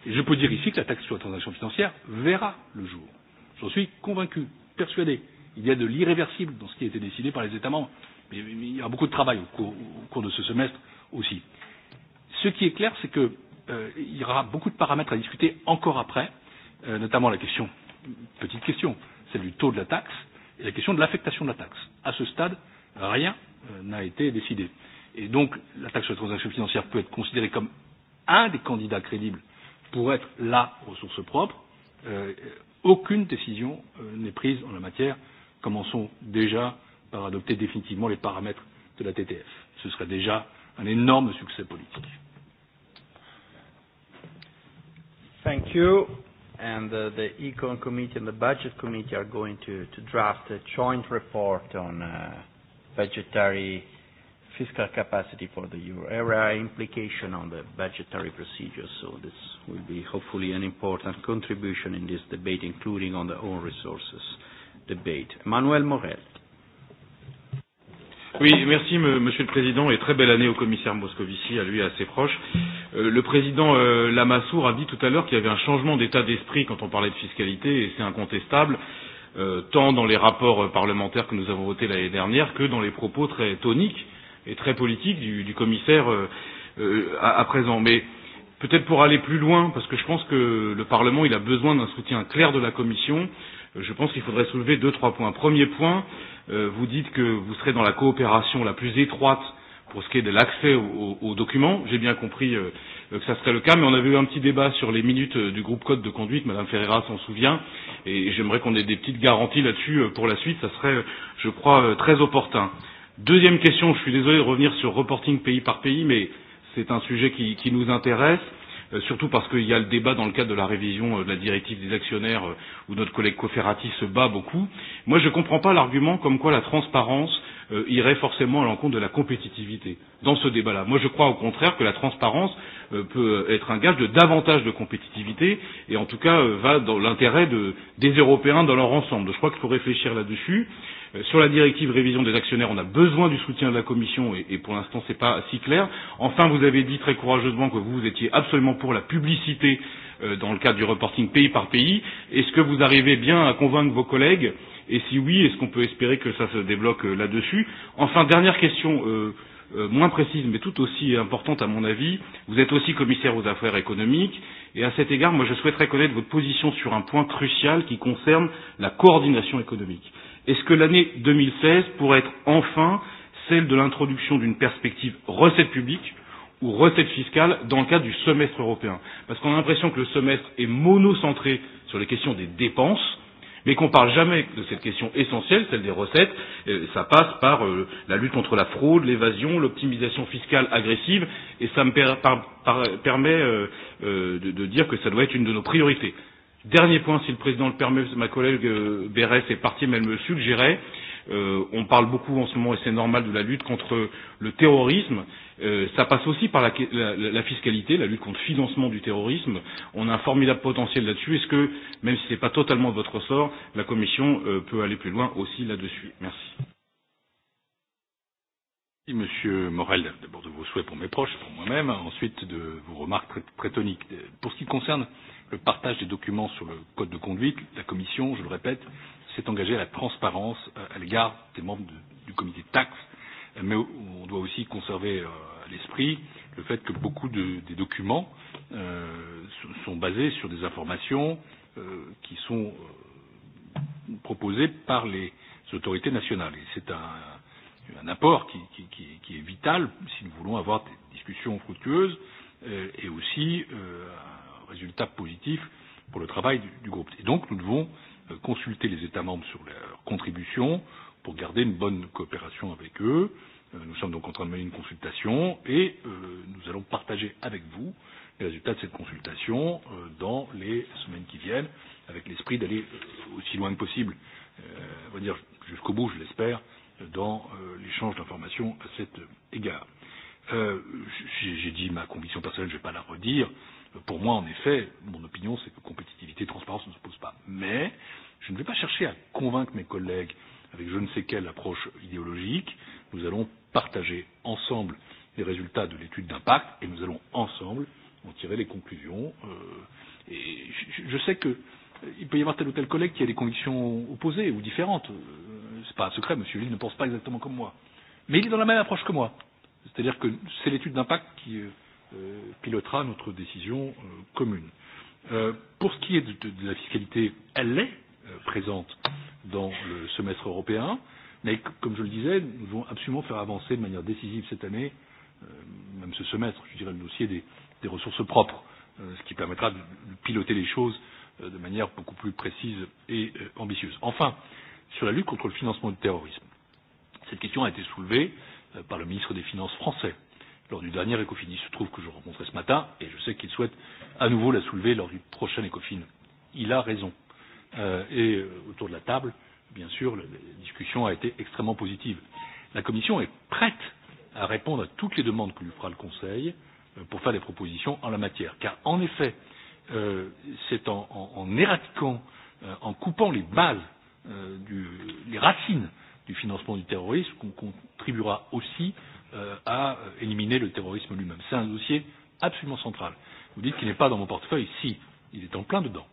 Et je peux dire ici que la taxe sur les transactions financières verra le jour. J'en suis convaincu, persuadé. Il y a de l'irréversible dans ce qui a été décidé par les États membres. Mais il y aura beaucoup de travail au cours, au cours de ce semestre aussi. Ce qui est clair, c'est qu'il euh, y aura beaucoup de paramètres à discuter encore après, euh, notamment la question, petite question, celle du taux de la taxe et la question de l'affectation de la taxe. À ce stade, rien euh, n'a été décidé. Et donc, la taxe sur les transactions financières peut être considérée comme un des candidats crédibles pour être la ressource propre. Euh, aucune décision euh, n'est prise en la matière. Commençons déjà par adopter définitivement les paramètres de la TTF. Ce serait déjà un énorme succès politique. Thank you. And uh, the Econ Committee and the Budget Committee are going to, to draft a joint report on uh, budgetary fiscal capacity for the euro area implication on the budgetary procedure. So this will be hopefully an important contribution in this debate, including on the own resources debate. Manuel Morel. Oui, merci me, Monsieur le Président et très belle année au commissaire Moscovici, à lui et à ses proches. Euh, le Président euh, Lamassoure a dit tout à l'heure qu'il y avait un changement d'état d'esprit quand on parlait de fiscalité et c'est incontestable, euh, tant dans les rapports euh, parlementaires que nous avons votés l'année dernière que dans les propos très toniques et très politiques du, du commissaire euh, euh, à, à présent. Mais peut-être pour aller plus loin, parce que je pense que le Parlement il a besoin d'un soutien clair de la Commission, je pense qu'il faudrait soulever deux, trois points. Premier point, euh, euh, vous dites que vous serez dans la coopération la plus étroite pour ce qui est de l'accès aux, aux documents. J'ai bien compris euh, euh, que ça serait le cas, mais on avait eu un petit débat sur les minutes euh, du groupe Code de conduite, Madame Ferreira s'en souvient, et j'aimerais qu'on ait des petites garanties là-dessus euh, pour la suite, ça serait, euh, je crois, euh, très opportun. Deuxième question, je suis désolé de revenir sur reporting pays par pays, mais c'est un sujet qui, qui nous intéresse. Euh, surtout parce qu'il y a le débat dans le cadre de la révision euh, de la directive des actionnaires euh, où notre collègue Cofferati se bat beaucoup. Moi, je ne comprends pas l'argument comme quoi la transparence euh, irait forcément à l'encontre de la compétitivité dans ce débat-là. Moi, je crois au contraire que la transparence euh, peut être un gage de davantage de compétitivité et en tout cas euh, va dans l'intérêt de, des Européens dans leur ensemble. Je crois qu'il faut réfléchir là-dessus. Euh, sur la directive révision des actionnaires, on a besoin du soutien de la Commission et, et pour l'instant, ce n'est pas si clair. Enfin, vous avez dit très courageusement que vous, vous étiez absolument pour la publicité euh, dans le cadre du reporting pays par pays. Est-ce que vous arrivez bien à convaincre vos collègues euh, Et si oui, est-ce qu'on peut espérer que ça se débloque euh, là-dessus Enfin, dernière question. Euh, euh, moins précise, mais tout aussi importante à mon avis. Vous êtes aussi commissaire aux affaires économiques, et à cet égard, moi je souhaiterais connaître votre position sur un point crucial qui concerne la coordination économique. Est-ce que l'année 2016 pourrait être enfin celle de l'introduction d'une perspective recette publique ou recette fiscale dans le cadre du semestre européen Parce qu'on a l'impression que le semestre est monocentré sur les questions des dépenses, mais qu'on ne parle jamais de cette question essentielle, celle des recettes, euh, ça passe par euh, la lutte contre la fraude, l'évasion, l'optimisation fiscale agressive, et ça me per par par permet euh, euh, de, de dire que ça doit être une de nos priorités. Dernier point, si le président le permet, ma collègue euh, Bérès est partie, mais elle me suggérait, euh, Euh, on parle beaucoup en ce moment, et c'est normal, de la lutte contre le terrorisme. Euh, ça passe aussi par la, la, la fiscalité, la lutte contre le financement du terrorisme. On a un formidable potentiel là-dessus. Est-ce que, même si ce n'est pas totalement de votre ressort, la Commission euh, peut aller plus loin aussi là-dessus Merci. Merci, Monsieur Morel, d'abord de vos souhaits pour mes proches, pour moi-même, ensuite de vos remarques très toniques. Pour ce qui concerne le partage des documents sur le code de conduite, la Commission, je le répète, s'est engagé à la transparence euh, à l'égard des membres de, du comité taxe, euh, mais on doit aussi conserver à euh, l'esprit le fait que beaucoup de, des documents euh, sont basés sur des informations euh, qui sont euh, proposées par les autorités nationales. Et c'est un, un apport qui, qui, qui, qui est vital si nous voulons avoir des discussions fructueuses euh, et aussi euh, un résultat positif pour le travail du, du groupe. Et donc nous devons euh, consulter les États membres sur leurs contributions pour garder une bonne coopération avec eux. Euh, nous sommes donc en train de mener une consultation et euh, nous allons partager avec vous les résultats de cette consultation euh, dans les semaines qui viennent, avec l'esprit d'aller euh, aussi loin que possible, euh, on va dire jusqu'au bout, je l'espère, dans euh, l'échange d'informations à cet égard. Euh, J'ai dit ma conviction personnelle, je ne vais pas la redire. Euh, Pour moi, en effet, mon opinion, c'est que compétitivité et transparence ne se posent pas. Mais je ne vais pas chercher à convaincre mes collègues avec je ne sais quelle approche idéologique. Nous allons partager ensemble les résultats de l'étude d'impact et nous allons ensemble en tirer les conclusions. Euh, et je, je sais que euh, il peut y avoir tel ou tel collègue qui a des convictions opposées ou différentes. Euh, c'est pas un secret, M. Lille ne pense pas exactement comme moi. Mais il est dans la même approche que moi. C'est-à-dire que c'est l'étude d'impact qui euh, Euh, pilotera notre décision euh, commune. Euh, pour ce qui est de, de, de la fiscalité, elle est présente dans le semestre européen, mais comme je le disais, nous devons absolument faire avancer de manière décisive cette année, même ce semestre, je dirais, le dossier des, des ressources propres, ce qui permettra de piloter les choses de manière beaucoup plus précise et ambitieuse. Enfin, sur la lutte contre le financement du terrorisme, cette question a été soulevée par le ministre des Finances français lors du dernier ECOFIN. Il se trouve que je rencontrais ce matin et je sais qu'il souhaite à nouveau la soulever lors du prochain ECOFIN. Il a raison. Euh, et euh, autour de la table, bien sûr, la, la discussion a été extrêmement positive. La Commission est prête à répondre à toutes les demandes que lui fera le Conseil euh, pour faire des propositions en la matière. Car en effet, euh, c'est en, en, en éradiquant, euh, en coupant les balles, euh, du, les racines du financement du terrorisme qu'on contribuera aussi euh, euh, à éliminer le terrorisme lui-même. C'est un dossier absolument central. Vous dites qu'il n'est pas dans mon portefeuille. Si, il est en plein dedans.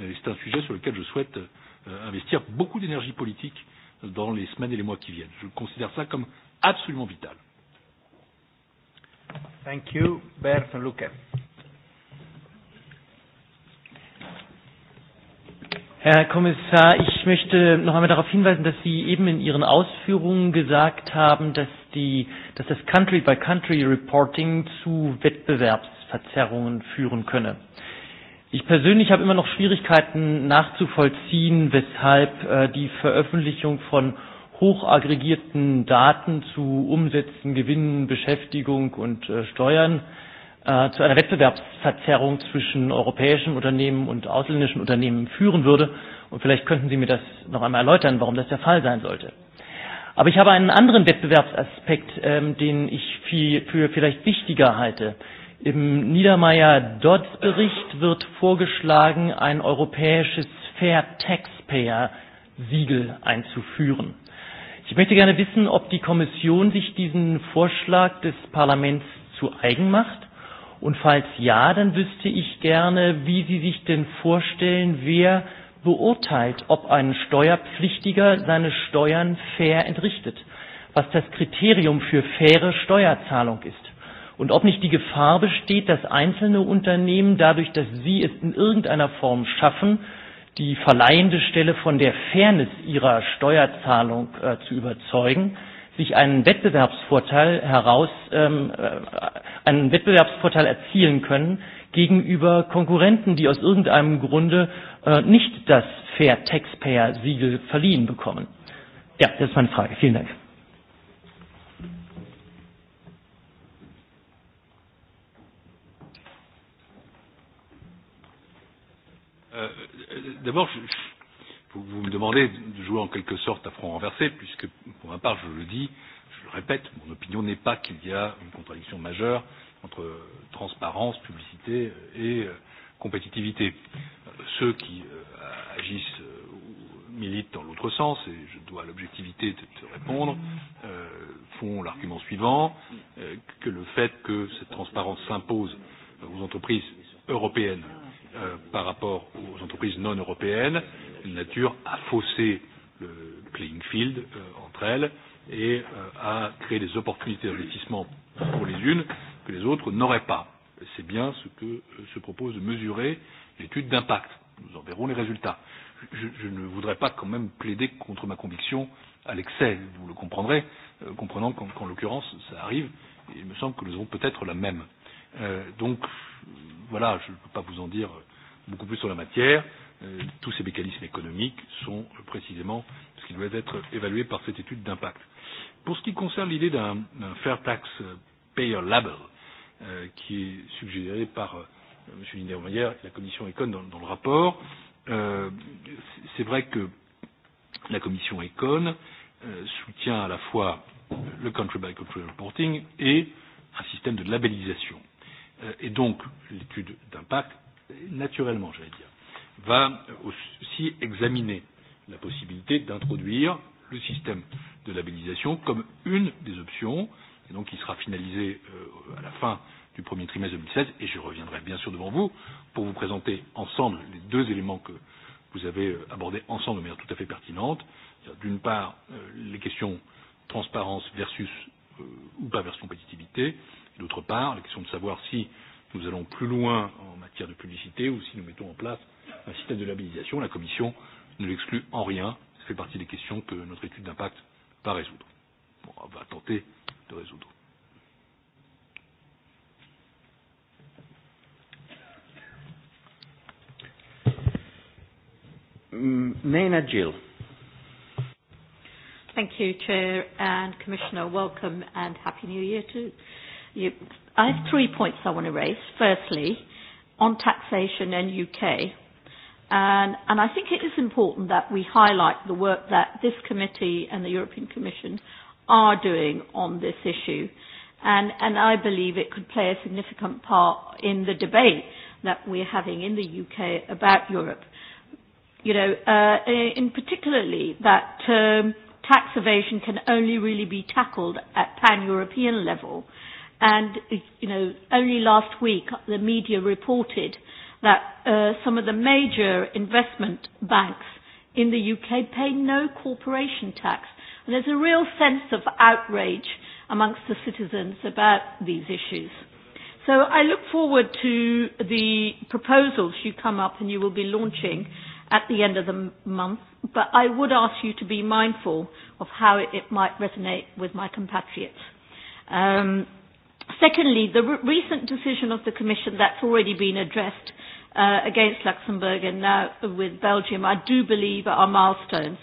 Et c'est un sujet sur lequel je souhaite euh, investir beaucoup d'énergie politique dans les semaines et les mois qui viennent. Je considère ça comme absolument vital. Thank you, Bert Lucke. Herr Kommissar, ich möchte noch einmal darauf hinweisen, dass Sie eben in Ihren Ausführungen gesagt haben, dass die, dass das Country-by-Country-Reporting zu Wettbewerbsverzerrungen führen könne. Ich persönlich habe immer noch Schwierigkeiten nachzuvollziehen, weshalb äh, die Veröffentlichung von hochaggregierten Daten zu Umsätzen, Gewinnen, Beschäftigung und äh, Steuern äh, zu einer Wettbewerbsverzerrung zwischen europäischen Unternehmen und ausländischen Unternehmen führen würde. Und vielleicht könnten Sie mir das noch einmal erläutern, warum das der Fall sein sollte. Aber ich habe einen anderen Wettbewerbsaspekt, ähm, den ich viel, für vielleicht wichtiger halte. Im Niedermeyer-Dodds-Bericht wird vorgeschlagen, ein europäisches Fair Taxpayer-Siegel einzuführen. Ich möchte gerne wissen, ob die Kommission sich diesen Vorschlag des Parlaments zu eigen macht. Und falls ja, dann wüsste ich gerne, wie Sie sich denn vorstellen, wer beurteilt, ob ein Steuerpflichtiger seine Steuern fair entrichtet, was das Kriterium für faire Steuerzahlung ist und ob nicht die Gefahr besteht, dass einzelne Unternehmen dadurch, dass sie es in irgendeiner Form schaffen, die verleihende Stelle von der Fairness ihrer Steuerzahlung äh, zu überzeugen, sich einen Wettbewerbsvorteil heraus, ähm, äh, einen Wettbewerbsvorteil erzielen können gegenüber Konkurrenten, die aus irgendeinem Grunde äh, nicht das Fair Taxpayer Siegel verliehen bekommen? Ja, das ist meine Frage. Vielen Dank. Euh, D'abord, vous, vous me demandez de jouer en quelque sorte à front renversé, puisque pour ma part, je le dis, je le répète, mon opinion n'est pas qu'il y a une contradiction majeure entre transparence, publicité et euh, compétitivité ceux qui euh, agissent euh, ou militent dans l'autre sens, et je dois à l'objectivité de te répondre, euh, font l'argument suivant, euh, que le fait que cette transparence s'impose aux entreprises européennes euh, par rapport aux entreprises non européennes, une nature à fausser le playing field euh, entre elles et euh, à créer des opportunités d'investissement pour les unes que les autres n'auraient pas. C'est bien ce que euh, se propose de mesurer euh, l'étude d'impact. Nous en verrons les résultats. Je, je ne voudrais pas quand même plaider contre ma conviction à l'excès. Vous le comprendrez, euh, comprenant qu'en qu, qu l'occurrence, ça arrive. Et il me semble que nous avons peut-être la même. Euh, donc, voilà, je ne peux pas vous en dire beaucoup plus sur la matière. Euh, tous ces mécanismes économiques sont précisément ce qui doit être évalué par cette étude d'impact. Pour ce qui concerne l'idée d'un Fair Tax Payer Label, euh, qui est suggéré par euh, Euh, M. Lindermeyer et la commission Econ dans, dans le rapport. Euh, C'est vrai que la commission Econ euh, soutient à la fois le country by country reporting et un système de labellisation. Euh, et donc, l'étude d'impact, naturellement, j'allais dire, va aussi examiner la possibilité d'introduire le système de labellisation comme une des options, et donc qui sera finalisé euh, à la fin euh, du premier trimestre 2016 et je reviendrai bien sûr devant vous pour vous présenter ensemble les deux éléments que vous avez euh, abordés ensemble de manière tout à fait pertinente. D'une part, euh, les questions transparence versus euh, ou pas versus compétitivité, et d'autre part, la question de savoir si nous allons plus loin en matière de publicité ou si nous mettons en place un système de labellisation. La Commission ne l'exclut en rien. Ça fait partie des questions que notre étude d'impact va résoudre. Bon, on va tenter de résoudre. Maynard Gill. Thank you, Chair and Commissioner. Welcome and Happy New Year to you. I have three points I want to raise. Firstly, on taxation and UK. And, and I think it is important that we highlight the work that this committee and the European Commission are doing on this issue. And, and I believe it could play a significant part in the debate that we're having in the UK about Europe you know, uh, in particularly that um, tax evasion can only really be tackled at pan-European level. And, you know, only last week the media reported that uh, some of the major investment banks in the UK pay no corporation tax. And there's a real sense of outrage amongst the citizens about these issues. So I look forward to the proposals you come up and you will be launching at the end of the month, but I would ask you to be mindful of how it might resonate with my compatriots. Um, secondly, the re- recent decision of the Commission that's already been addressed uh, against Luxembourg and now with Belgium, I do believe are milestones.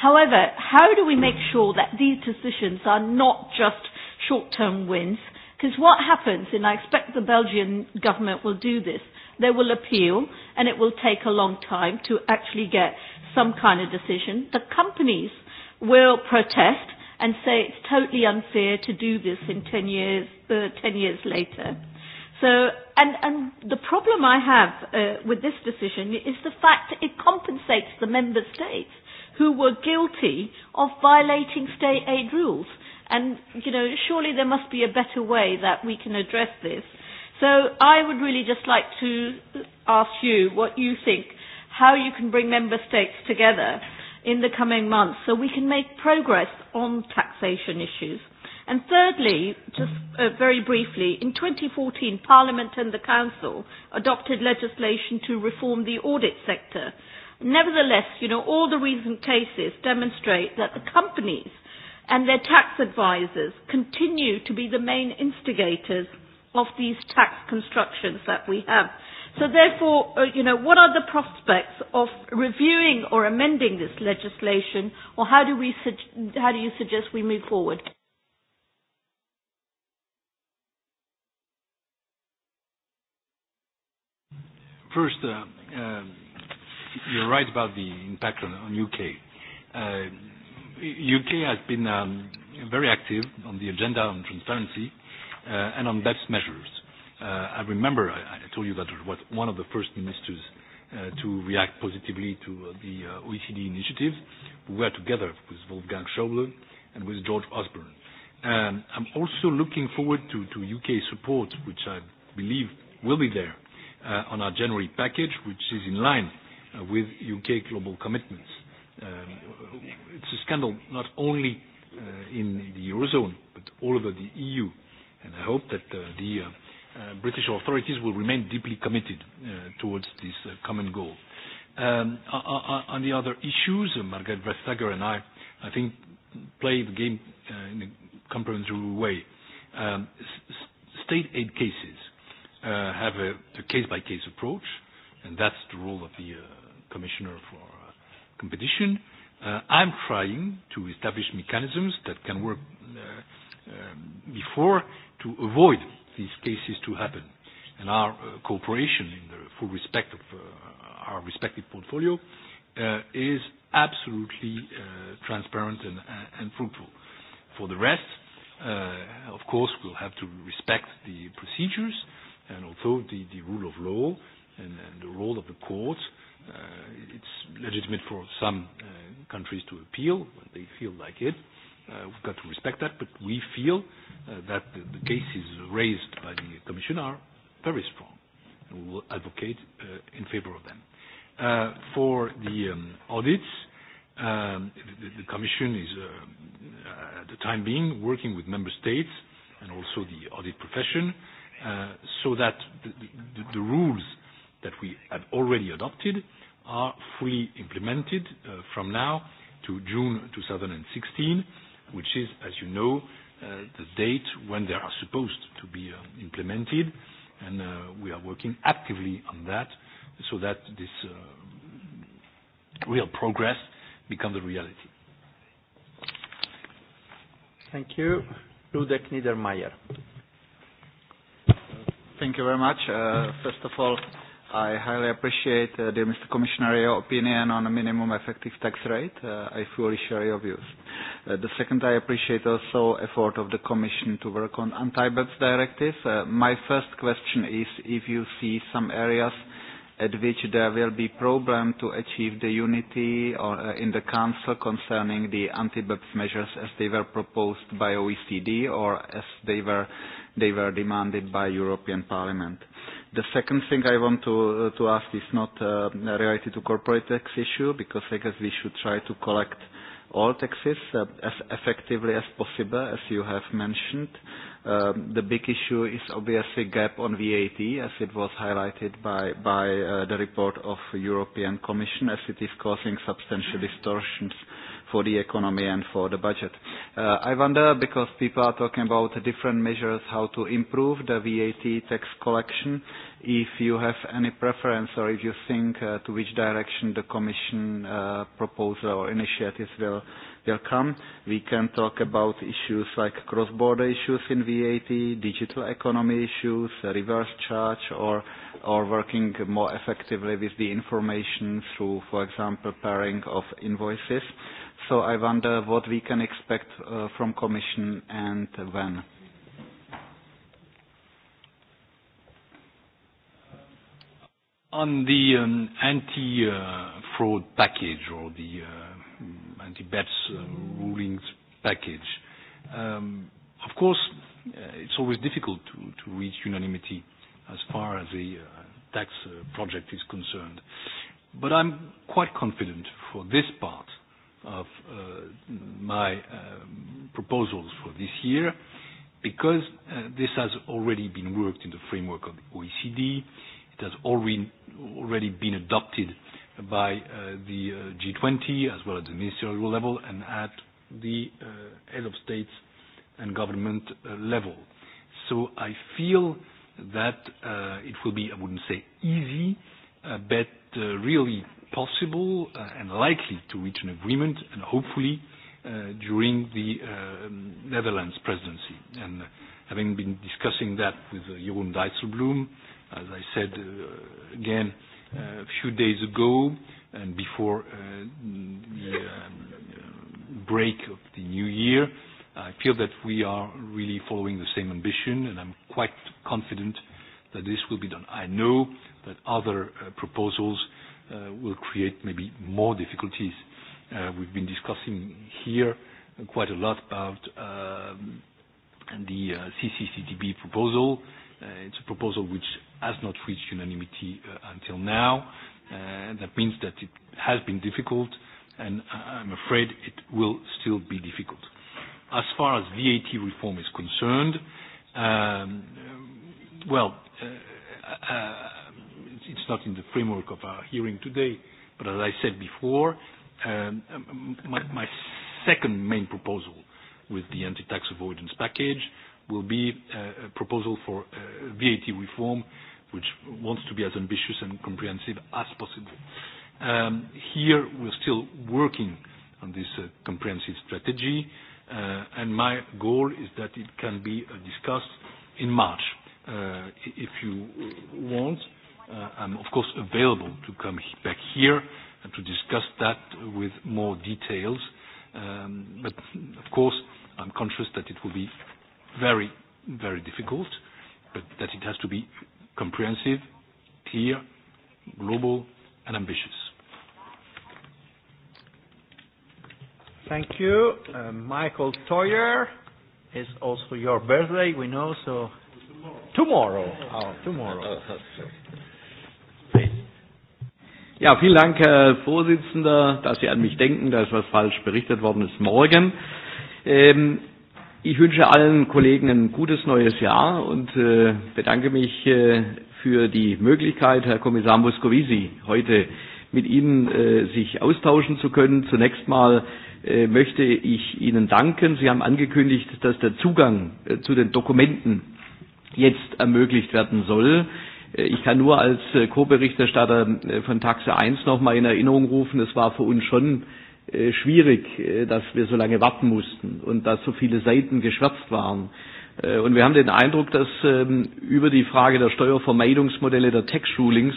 However, how do we make sure that these decisions are not just short-term wins? Because what happens, and I expect the Belgian government will do this, They will appeal, and it will take a long time to actually get some kind of decision. The companies will protest and say it's totally unfair to do this in 10 years, uh, 10 years later. So, and, and the problem I have uh, with this decision is the fact it compensates the member states who were guilty of violating state aid rules. And, you know, surely there must be a better way that we can address this So I would really just like to ask you what you think, how you can bring member states together in the coming months so we can make progress on taxation issues. And thirdly, just uh, very briefly, in 2014, Parliament and the Council adopted legislation to reform the audit sector. Nevertheless, you know, all the recent cases demonstrate that the companies and their tax advisors continue to be the main instigators – of these tax constructions that we have. So therefore, uh, you know, what are the prospects of reviewing or amending this legislation, or how do, we su- how do you suggest we move forward? First, uh, um, you're right about the impact on, on UK. Uh, UK has been um, very active on the agenda on transparency uh, Uh, and on BEPS measures. Uh, I remember I, I told you that I was one of the first ministers uh, to react positively to the OECD initiative. We were together with Wolfgang Schäuble and with George Osborne. Um, I'm also looking forward to, to U.K. support, which I believe will be there uh, on our January package, which is in line uh, with U.K. global commitments. Um, it's a scandal not only uh, in the Eurozone, but all over the EU And I hope that uh, the uh, uh, British authorities will remain deeply committed uh, towards this uh, common goal. Um, on the other issues, uh, Margaret Vestager and I, I think, play the game uh, in a comprehensive way. Um, s- state aid cases uh, have a, a case-by-case -case approach, and that's the role of the uh, Commissioner for uh, Competition. Uh, I'm trying to establish mechanisms that can work uh, um, before to avoid these cases to happen. And our uh, cooperation in the full respect of uh, our respective portfolio uh, is absolutely uh, transparent and, uh, and fruitful. For the rest, uh, of course, we'll have to respect the procedures and also the, the rule of law and, and the role of the courts. Uh, it's legitimate for some uh, countries to appeal when they feel like it. Uh, we've got to respect that, but we feel uh, uh, that the, the cases raised by the Commission are very strong, and we will advocate uh, in favor of them. Uh, for the um, audits, um, the, the Commission is, um, uh, at the time being, working with member states and also the audit profession, uh, so that the, the, the rules that we had already adopted are fully implemented uh, from now to June 2016, which is, as you know, uh, the date when they are supposed to be uh, implemented, and uh, we are working actively on that so that this uh, real progress becomes a reality. Thank you. Ludek Niedermayer. Thank you very much. Uh, first of all, I highly appreciate, uh, dear Mr. Commissioner, your opinion on a minimum effective tax rate. Uh, I fully share your views. Uh, the second, I appreciate also effort of the Commission to work on anti-BEPS directive. Uh, my first question is if you see some areas at which there will be problem to achieve the unity or, uh, in the Council concerning the anti-BEPS measures as they were proposed by OECD or as they were, they were demanded by European Parliament. Uh, The second thing I want to uh, to ask is not uh, related to corporate tax issue, because I guess we should try to collect all taxes uh, as effectively as possible, as you have mentioned. Um, the big issue is obviously gap on VAT, as it was highlighted by, by uh, the report of European Commission, as it is causing substantial distortions uh, for the economy and for the budget. Uh, I wonder, because people are talking about different measures how to improve the VAT tax collection, if you have any preference or if you think uh, to which direction the Commission uh, proposal or initiatives will, will come. We can talk about issues like cross-border issues in VAT, digital economy issues, reverse charge, or, or working more effectively with the information through, for example, pairing of invoices. So I wonder what we can expect uh, from Commission and when. On the um, anti-fraud uh, package or the uh, anti-BEPS uh, rulings package, um, of course, uh, it's always difficult to, to reach unanimity as far as a uh, tax project is concerned. But I'm quite confident for this part of uh, my um, proposals for this year because uh, this has already been worked in the framework of the OECD. It has already, already been adopted by uh, the uh, G20 as well at the ministerial level and at the uh, head of states and government uh, level. So I feel that uh, it will be, I wouldn't say easy, uh, but uh, really possible uh, and likely to reach an agreement and hopefully uh, during the uh, Netherlands presidency. And uh, having been discussing that with uh, Jeroen Dijsselbloem, as I said uh, again uh, a few days ago and before uh, the uh, break of the new year, I feel that we are really following the same ambition and I'm quite confident that this will be done. I know that other uh, proposals uh, uh, will create maybe more difficulties. Uh, we've been discussing here quite a lot about um, the uh, CCCTB proposal. Uh, it's a proposal which has not reached unanimity uh, until now. Uh, that means that it has been difficult, and I'm afraid it will still be difficult. As far as VAT reform is concerned, um, well, uh, uh, it's not in the framework of our hearing today, but as I said before, um, my, my second main proposal with the anti-tax avoidance package will be uh, a proposal for uh, VAT reform, which wants to be as ambitious and comprehensive as possible. Um, here, we're still working on this uh, comprehensive strategy, uh, and my goal is that it can be discussed in March. Uh, if you want, Uh, I'm of course available to come back here and to discuss that with more details. Um, but of course, I'm conscious that it will be very, very difficult, but that it has to be comprehensive, clear, global, and ambitious. Thank you. Uh, Michael Toyer, it's also your birthday, we know, so tomorrow. Tomorrow. Oh, tomorrow. Oh, Ja, vielen Dank, Herr Vorsitzender, dass Sie an mich denken. Da ist was falsch berichtet worden ist morgen. Ähm, ich wünsche allen Kollegen ein gutes neues Jahr und äh, bedanke mich äh, für die Möglichkeit, Herr Kommissar Moscovici, heute mit Ihnen äh, sich austauschen zu können. Zunächst mal äh, möchte ich Ihnen danken. Sie haben angekündigt, dass der Zugang äh, zu den Dokumenten jetzt ermöglicht werden soll. Äh, Äh, ich kann nur als äh, Co-Berichterstatter äh, von Taxe 1 nochmal in Erinnerung rufen, es war für uns schon schwierig, dass wir so lange warten mussten und dass so viele Seiten geschwärzt waren. Und wir haben den Eindruck, dass ähm, über die Frage der Steuervermeidungsmodelle der Tech-Schulings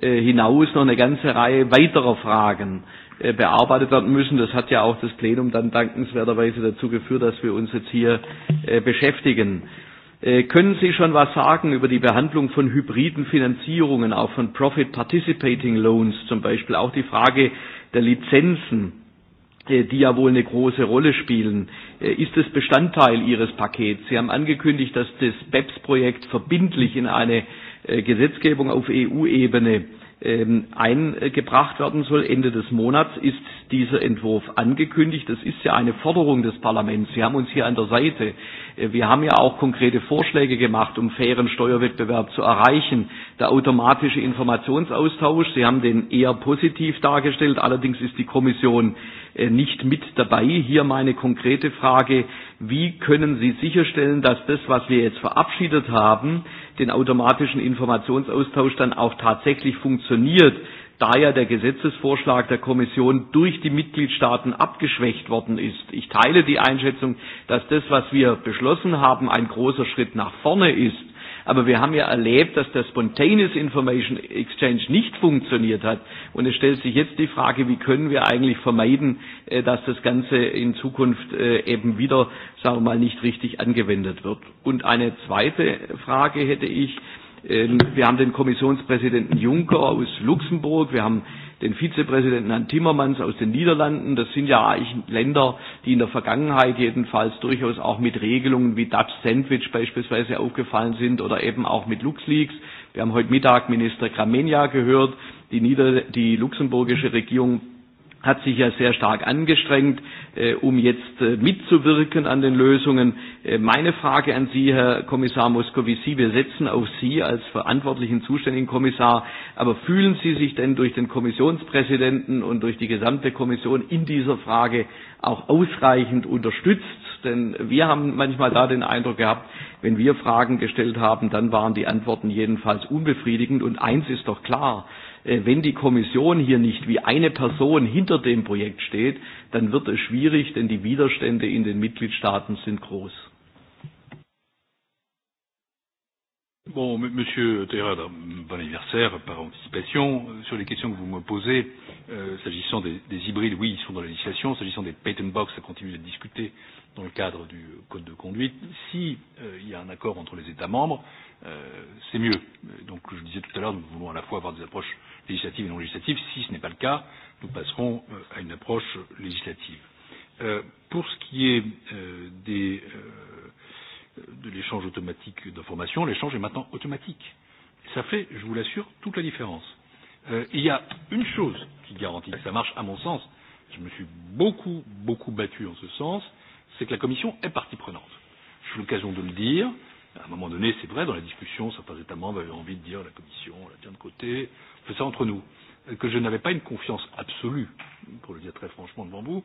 hinaus noch eine ganze Reihe weiterer Fragen bearbeitet werden müssen. Das hat ja auch das Plenum dann dankenswerterweise dazu geführt, dass wir uns jetzt hier beschäftigen. Äh, können Sie schon was sagen über die Behandlung von hybriden Finanzierungen, auch von Profit Participating Loans zum Beispiel, auch die Frage der Lizenzen, äh, die ja wohl eine große Rolle spielen? Äh, ist es Bestandteil Ihres Pakets? Sie haben angekündigt, dass das BEPS-Projekt verbindlich in eine Gesetzgebung auf EU-Ebene ähm, eingebracht werden soll. Ende des Monats ist dieser Entwurf angekündigt. Das ist ja eine Forderung des Parlaments. Sie haben uns hier an der Seite. Äh, wir haben ja auch konkrete Vorschläge gemacht, um fairen Steuerwettbewerb zu erreichen. Der automatische Informationsaustausch, Sie haben den eher positiv dargestellt. Allerdings ist die Kommission äh, nicht mit dabei. Hier meine konkrete Frage, wie können Sie sicherstellen, dass das, was wir jetzt verabschiedet haben, den automatischen Informationsaustausch dann auch tatsächlich funktioniert, da ja der Gesetzesvorschlag der Kommission durch die Mitgliedstaaten abgeschwächt worden ist. Ich teile die Einschätzung, dass das, was wir beschlossen haben, ein großer Schritt nach vorne ist. Aber wir haben ja erlebt, dass der Spontaneous Information Exchange nicht funktioniert hat. Und es stellt sich jetzt die Frage, wie können wir eigentlich vermeiden, äh, dass das Ganze in Zukunft äh, eben wieder, sagen wir mal, nicht richtig angewendet wird. Und eine zweite Frage hätte ich. Ähm, wir haben den Kommissionspräsidenten Juncker aus Luxemburg, wir haben den Vizepräsidenten Herrn Timmermans aus den Niederlanden. Das sind ja eigentlich Länder, die in der Vergangenheit jedenfalls durchaus auch mit Regelungen wie Dutch Sandwich beispielsweise aufgefallen sind oder eben auch mit LuxLeaks. Wir haben heute Mittag Minister Gramegna gehört. Die, Nieder die luxemburgische Regierung hat sich ja sehr stark angestrengt, äh, um jetzt äh, mitzuwirken an den Lösungen. Äh, meine Frage an Sie, Herr Kommissar Moscovici, wir setzen auf Sie als verantwortlichen zuständigen Kommissar, aber fühlen Sie sich denn durch den Kommissionspräsidenten und durch die gesamte Kommission in dieser Frage auch ausreichend unterstützt? Denn wir haben manchmal da den Eindruck gehabt, wenn wir Fragen gestellt haben, dann waren die Antworten jedenfalls unbefriedigend. Und eins ist doch klar, äh, Äh, wenn die Kommission hier nicht wie eine Person hinter dem Projekt steht, dann wird es schwierig, denn die Widerstände in den Mitgliedstaaten sind groß. Bon, Monsieur Terrada, bon anniversaire par anticipation. Sur les questions que vous me posez, euh, s'agissant des, des hybrides, oui, ils sont dans la législation. S'agissant des patent box, ça continue d'être discuté dans le cadre du code de conduite. Si euh, il y a un accord entre les États membres, euh, c'est mieux. Donc, je disais tout à l'heure, nous voulons à la fois avoir des approches législatives et non législatives. Si ce n'est pas le cas, nous passerons euh, à une approche législative. Euh, pour ce qui est euh, des euh, de l'échange automatique d'informations, l'échange est maintenant automatique. Ça fait, je vous l'assure, toute la différence. Euh, il y a une chose qui garantit que ça marche, à mon sens, je me suis beaucoup, beaucoup battu en ce sens, c'est que la Commission est partie prenante. J'ai eu l'occasion de le dire. À un moment donné, c'est vrai, dans la discussion, certains États membres avaient envie de dire la Commission, on la tient de côté, on fait ça entre nous. Euh, que je n'avais pas une confiance absolue, pour le dire très franchement devant vous,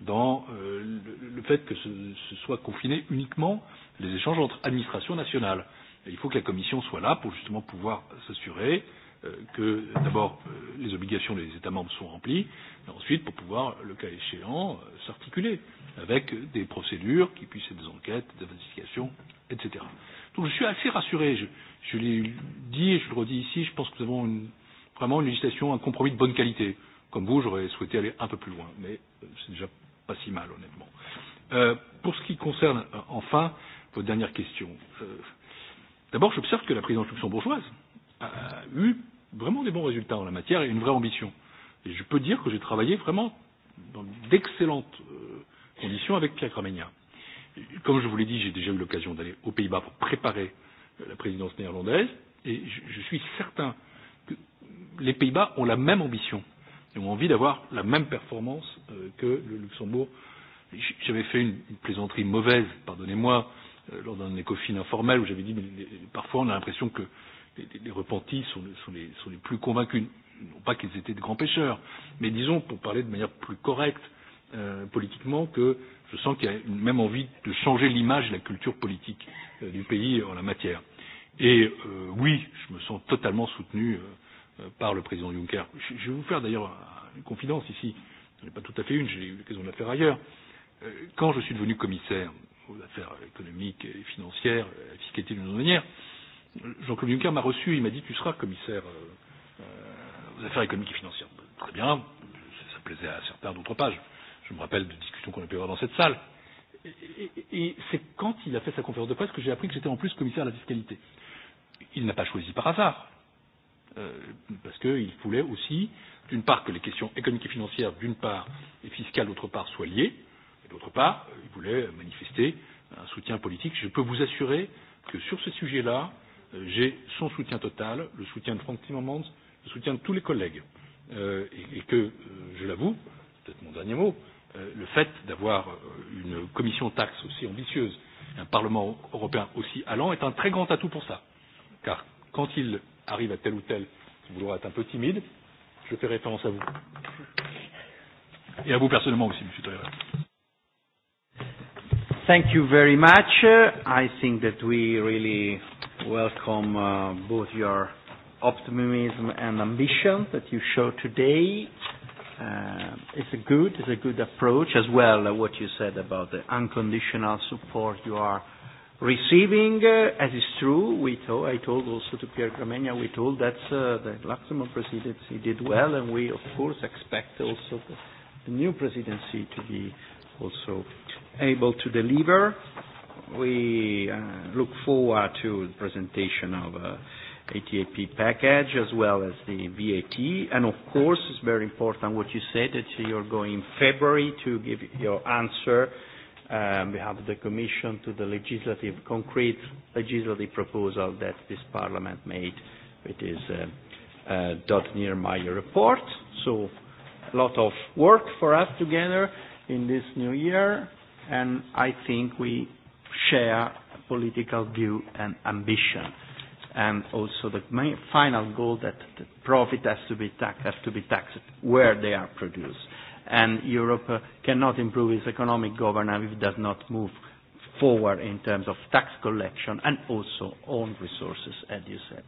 dans euh, le, le fait que ce, ce soit confiné uniquement les échanges entre administrations nationales. Et il faut que la Commission soit là pour justement pouvoir s'assurer euh, que d'abord euh, les obligations des États membres sont remplies, et ensuite pour pouvoir, le cas échéant, euh, s'articuler avec des procédures qui puissent être des enquêtes, des investigations, etc. Donc je suis assez rassuré, je, je l'ai dit et je le redis ici, je pense que nous avons une, vraiment une législation, un compromis de bonne qualité. Comme vous, j'aurais souhaité aller un peu plus loin, mais euh, c'est déjà pas si mal, honnêtement. Euh, pour ce qui concerne, euh, enfin, votre dernière question, euh, d'abord, j'observe que la présidence luxembourgeoise a eu vraiment des bons résultats en la matière et une vraie ambition. Et je peux dire que j'ai travaillé vraiment dans d'excellentes euh, conditions avec Pierre Craménia. Comme je vous l'ai dit, j'ai déjà eu l'occasion d'aller aux Pays-Bas pour préparer euh, la présidence néerlandaise et je, je suis certain que les Pays-Bas ont la même ambition euh, et ont envie d'avoir la même performance euh, que le Luxembourg. J'avais fait une, une plaisanterie mauvaise, pardonnez-moi, euh, lors d'un écofine informel où j'avais dit mais les, parfois on a l'impression que les, les, les repentis sont, sont, les, sont les plus convaincus. Non pas qu'ils étaient de grands pêcheurs, mais disons, pour parler de manière plus correcte euh, politiquement, que je sens qu'il y a une même envie de changer l'image et la culture politique euh, du pays en la matière. Et euh, oui, je me sens totalement soutenu euh, par le président Juncker. Je vais vous faire d'ailleurs une confidence ici, ce n'est pas tout à fait une, j'ai eu l'occasion de la faire ailleurs. Euh, quand je suis devenu commissaire aux affaires économiques et financières, à la fiscalité d'une manière, Jean-Claude Juncker m'a reçu, il m'a dit tu seras commissaire euh, aux affaires économiques et financières. Très bien, ça plaisait à certains d'autres pages. Je me rappelle de discussions qu'on a pu avoir dans cette salle. Et, et, et c'est quand il a fait sa conférence de presse que j'ai appris que j'étais en plus commissaire à la fiscalité. Il n'a pas choisi par hasard Euh, parce qu'il voulait aussi, d'une part, que les questions économiques et financières, d'une part, et fiscales, d'autre part, soient liées, et d'autre part, euh, il voulait manifester un soutien politique. Je peux vous assurer que sur ce sujet-là, euh, j'ai son soutien total, le soutien de Franck Timmermans, le soutien de tous les collègues, euh, et, et que, euh, je l'avoue, peut-être mon dernier mot, euh, le fait d'avoir une commission taxe aussi ambitieuse, un Parlement européen aussi allant, est un très grand atout pour ça. Car quand il arrive à tel ou tel, vouloir être un peu timide, je fais référence à vous. Et à vous personnellement aussi, Monsieur Toyer. Thank you very much. I think that we really welcome uh, both your optimism and ambition that you show today. Uh, it's a good, it's a good approach as well. Uh, what you said about the unconditional support you are receiving, uh, as is true, we told, I told also to Pierre Gramegna, we told that uh, the Luxembourg presidency did well, and we of course expect also the, the new presidency to be also able to deliver. We uh, look forward to the presentation of uh, ATAP package as well as the VAT. And of course, it's very important what you said that you're going in February to give your answer um, behalf of the Commission to the legislative, concrete legislative proposal that this Parliament made, which is uh, uh, Dot Niemeyer report. So a lot of work for us together in this new year, and I think we share a political view and ambition. And also the main, final goal that the profit has to be taxed, has to be taxed where they are produced and Europe uh, cannot improve its economic governance if it does not move forward in terms of tax collection and also own resources, as you said.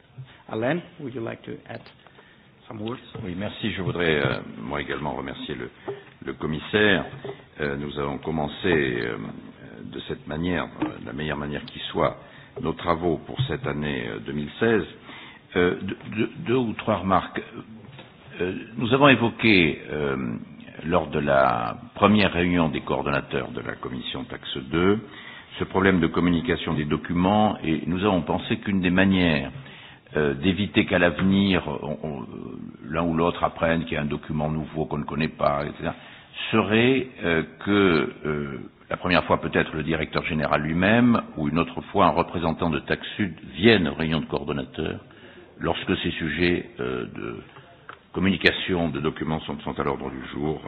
Alain, would you like to add some words? Oui, merci. Je voudrais euh, moi également remercier le, le commissaire. Euh, nous avons commencé euh, de cette manière, euh, la meilleure manière qui soit, nos travaux pour cette année euh, 2016. Euh, deux, deux ou trois remarques. Euh, nous avons évoqué euh, lors de la première réunion des coordonnateurs de la commission taxe 2 ce problème de communication des documents et nous avons pensé qu'une des manières euh, d'éviter qu'à l'avenir l'un ou l'autre apprenne qu'il y a un document nouveau qu'on ne connaît pas, etc., serait euh, que euh, la première fois peut-être le directeur général lui-même ou une autre fois un représentant de TAC Sud vienne aux réunions de coordonnateurs lorsque ces sujets euh, de, communication de documents sont, sont à l'ordre du jour.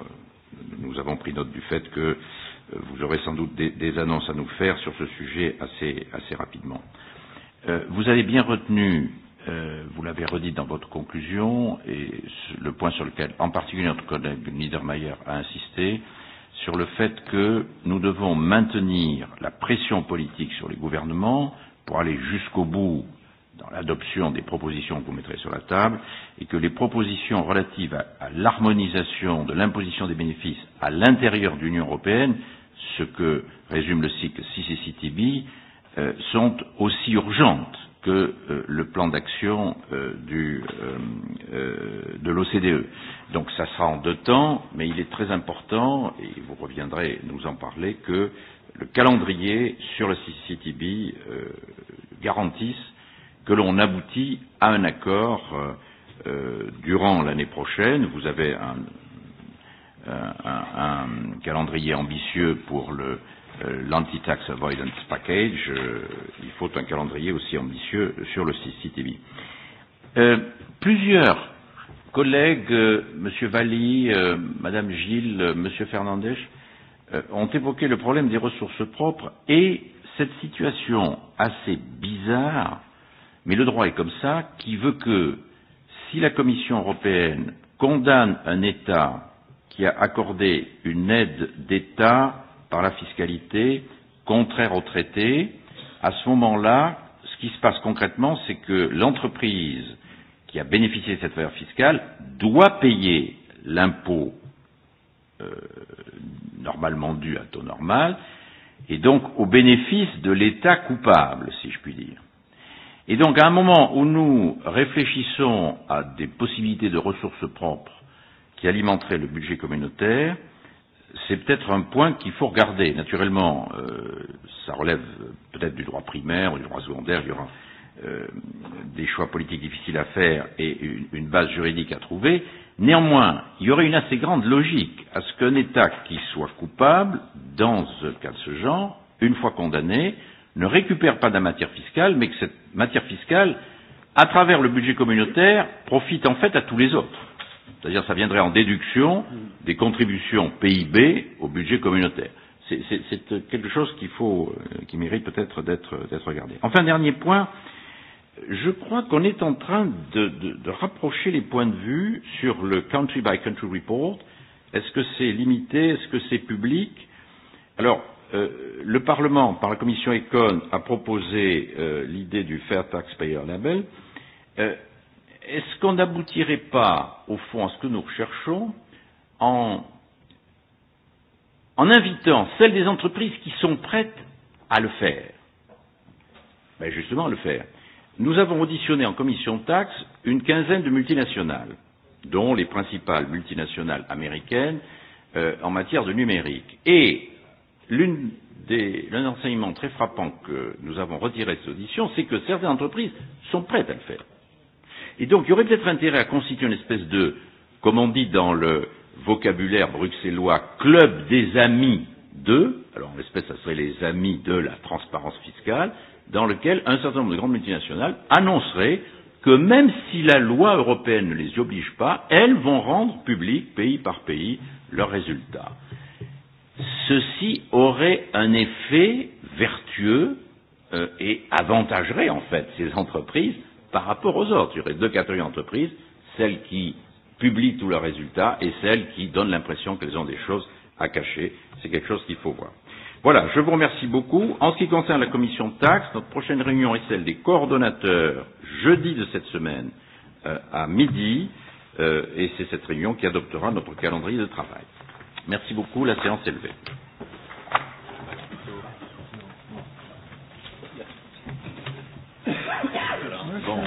Nous avons pris note du fait que vous aurez sans doute des, des annonces à nous faire sur ce sujet assez, assez rapidement. Euh, vous avez bien retenu, euh, vous l'avez redit dans votre conclusion, et le point sur lequel en particulier notre collègue Niedermayer a insisté, sur le fait que nous devons maintenir la pression politique sur les gouvernements pour aller jusqu'au bout dans l'adoption des propositions que vous mettrez sur la table et que les propositions relatives à, à l'harmonisation de l'imposition des bénéfices à l'intérieur de l'Union européenne, ce que résume le cycle CCCTB, euh, sont aussi urgentes que euh, le plan d'action euh, du, euh, euh, de l'OCDE. Donc ça sera en deux temps, mais il est très important, et vous reviendrez nous en parler, que le calendrier sur le CCTB euh, garantisse que l'on aboutit à un accord euh, euh durant l'année prochaine. Vous avez un, euh, un, un calendrier ambitieux pour le euh, l'anti-tax avoidance package, euh, il faut un calendrier aussi ambitieux sur le CCTV. Euh, plusieurs collègues, euh, M. Valli, euh, Mme Gilles, euh, M. Fernandez, euh, ont évoqué le problème des ressources propres et cette situation assez bizarre Mais le droit est comme ça, qui veut que si la Commission européenne condamne un État qui a accordé une aide d'État par la fiscalité contraire au traité, à ce moment-là, ce qui se passe concrètement, c'est que l'entreprise qui a bénéficié de cette faveur fiscale doit payer l'impôt euh, normalement dû à taux normal, et donc au bénéfice de l'État coupable, si je puis dire. Et donc, à un moment où nous réfléchissons à des possibilités de ressources propres qui alimenteraient le budget communautaire, c'est peut-être un point qu'il faut regarder. Naturellement, euh, ça relève peut-être du droit primaire ou du droit secondaire, il y aura euh, des choix politiques difficiles à faire et une, une base juridique à trouver. Néanmoins, il y aurait une assez grande logique à ce qu'un État qui soit coupable, dans un cas de ce genre, une fois condamné, ne récupère pas de la matière fiscale, mais que cette matière fiscale, à travers le budget communautaire, profite en fait à tous les autres. C'est-à-dire ça viendrait en déduction des contributions PIB au budget communautaire. C'est quelque chose qu'il faut, euh, qui mérite peut-être d'être regardé. Enfin, dernier point, je crois qu'on est en train de, de, de rapprocher les points de vue sur le country by country report. Est-ce que c'est limité Est-ce que c'est public Alors, Euh, le Parlement, par la commission Econ, a proposé euh, l'idée du Fair Taxpayer Label. Euh, Est-ce qu'on n'aboutirait pas, au fond, à ce que nous recherchons, en, en invitant celles des entreprises qui sont prêtes à le faire ben Justement, à le faire. Nous avons auditionné en commission taxe une quinzaine de multinationales, dont les principales multinationales américaines euh, en matière de numérique. Et l'une des, l'un enseignement très frappant que nous avons retiré de cette audition, c'est que certaines entreprises sont prêtes à le faire. Et donc, il y aurait peut-être intérêt à constituer une espèce de, comme on dit dans le vocabulaire bruxellois, club des amis de, alors en l'espèce, ça serait les amis de la transparence fiscale, dans lequel un certain nombre de grandes multinationales annonceraient que même si la loi européenne ne les oblige pas, elles vont rendre public, pays par pays, leurs résultats ceci aurait un effet vertueux euh, et avantagerait en fait ces entreprises par rapport aux autres. Il y aurait deux catégories d'entreprises, celles qui publient tous leurs résultats et celles qui donnent l'impression qu'elles ont des choses à cacher. C'est quelque chose qu'il faut voir. Voilà, je vous remercie beaucoup. En ce qui concerne la commission de taxes, notre prochaine réunion est celle des coordonnateurs jeudi de cette semaine euh, à midi euh, et c'est cette réunion qui adoptera notre calendrier de travail. Merci beaucoup, la séance est levée. Bon.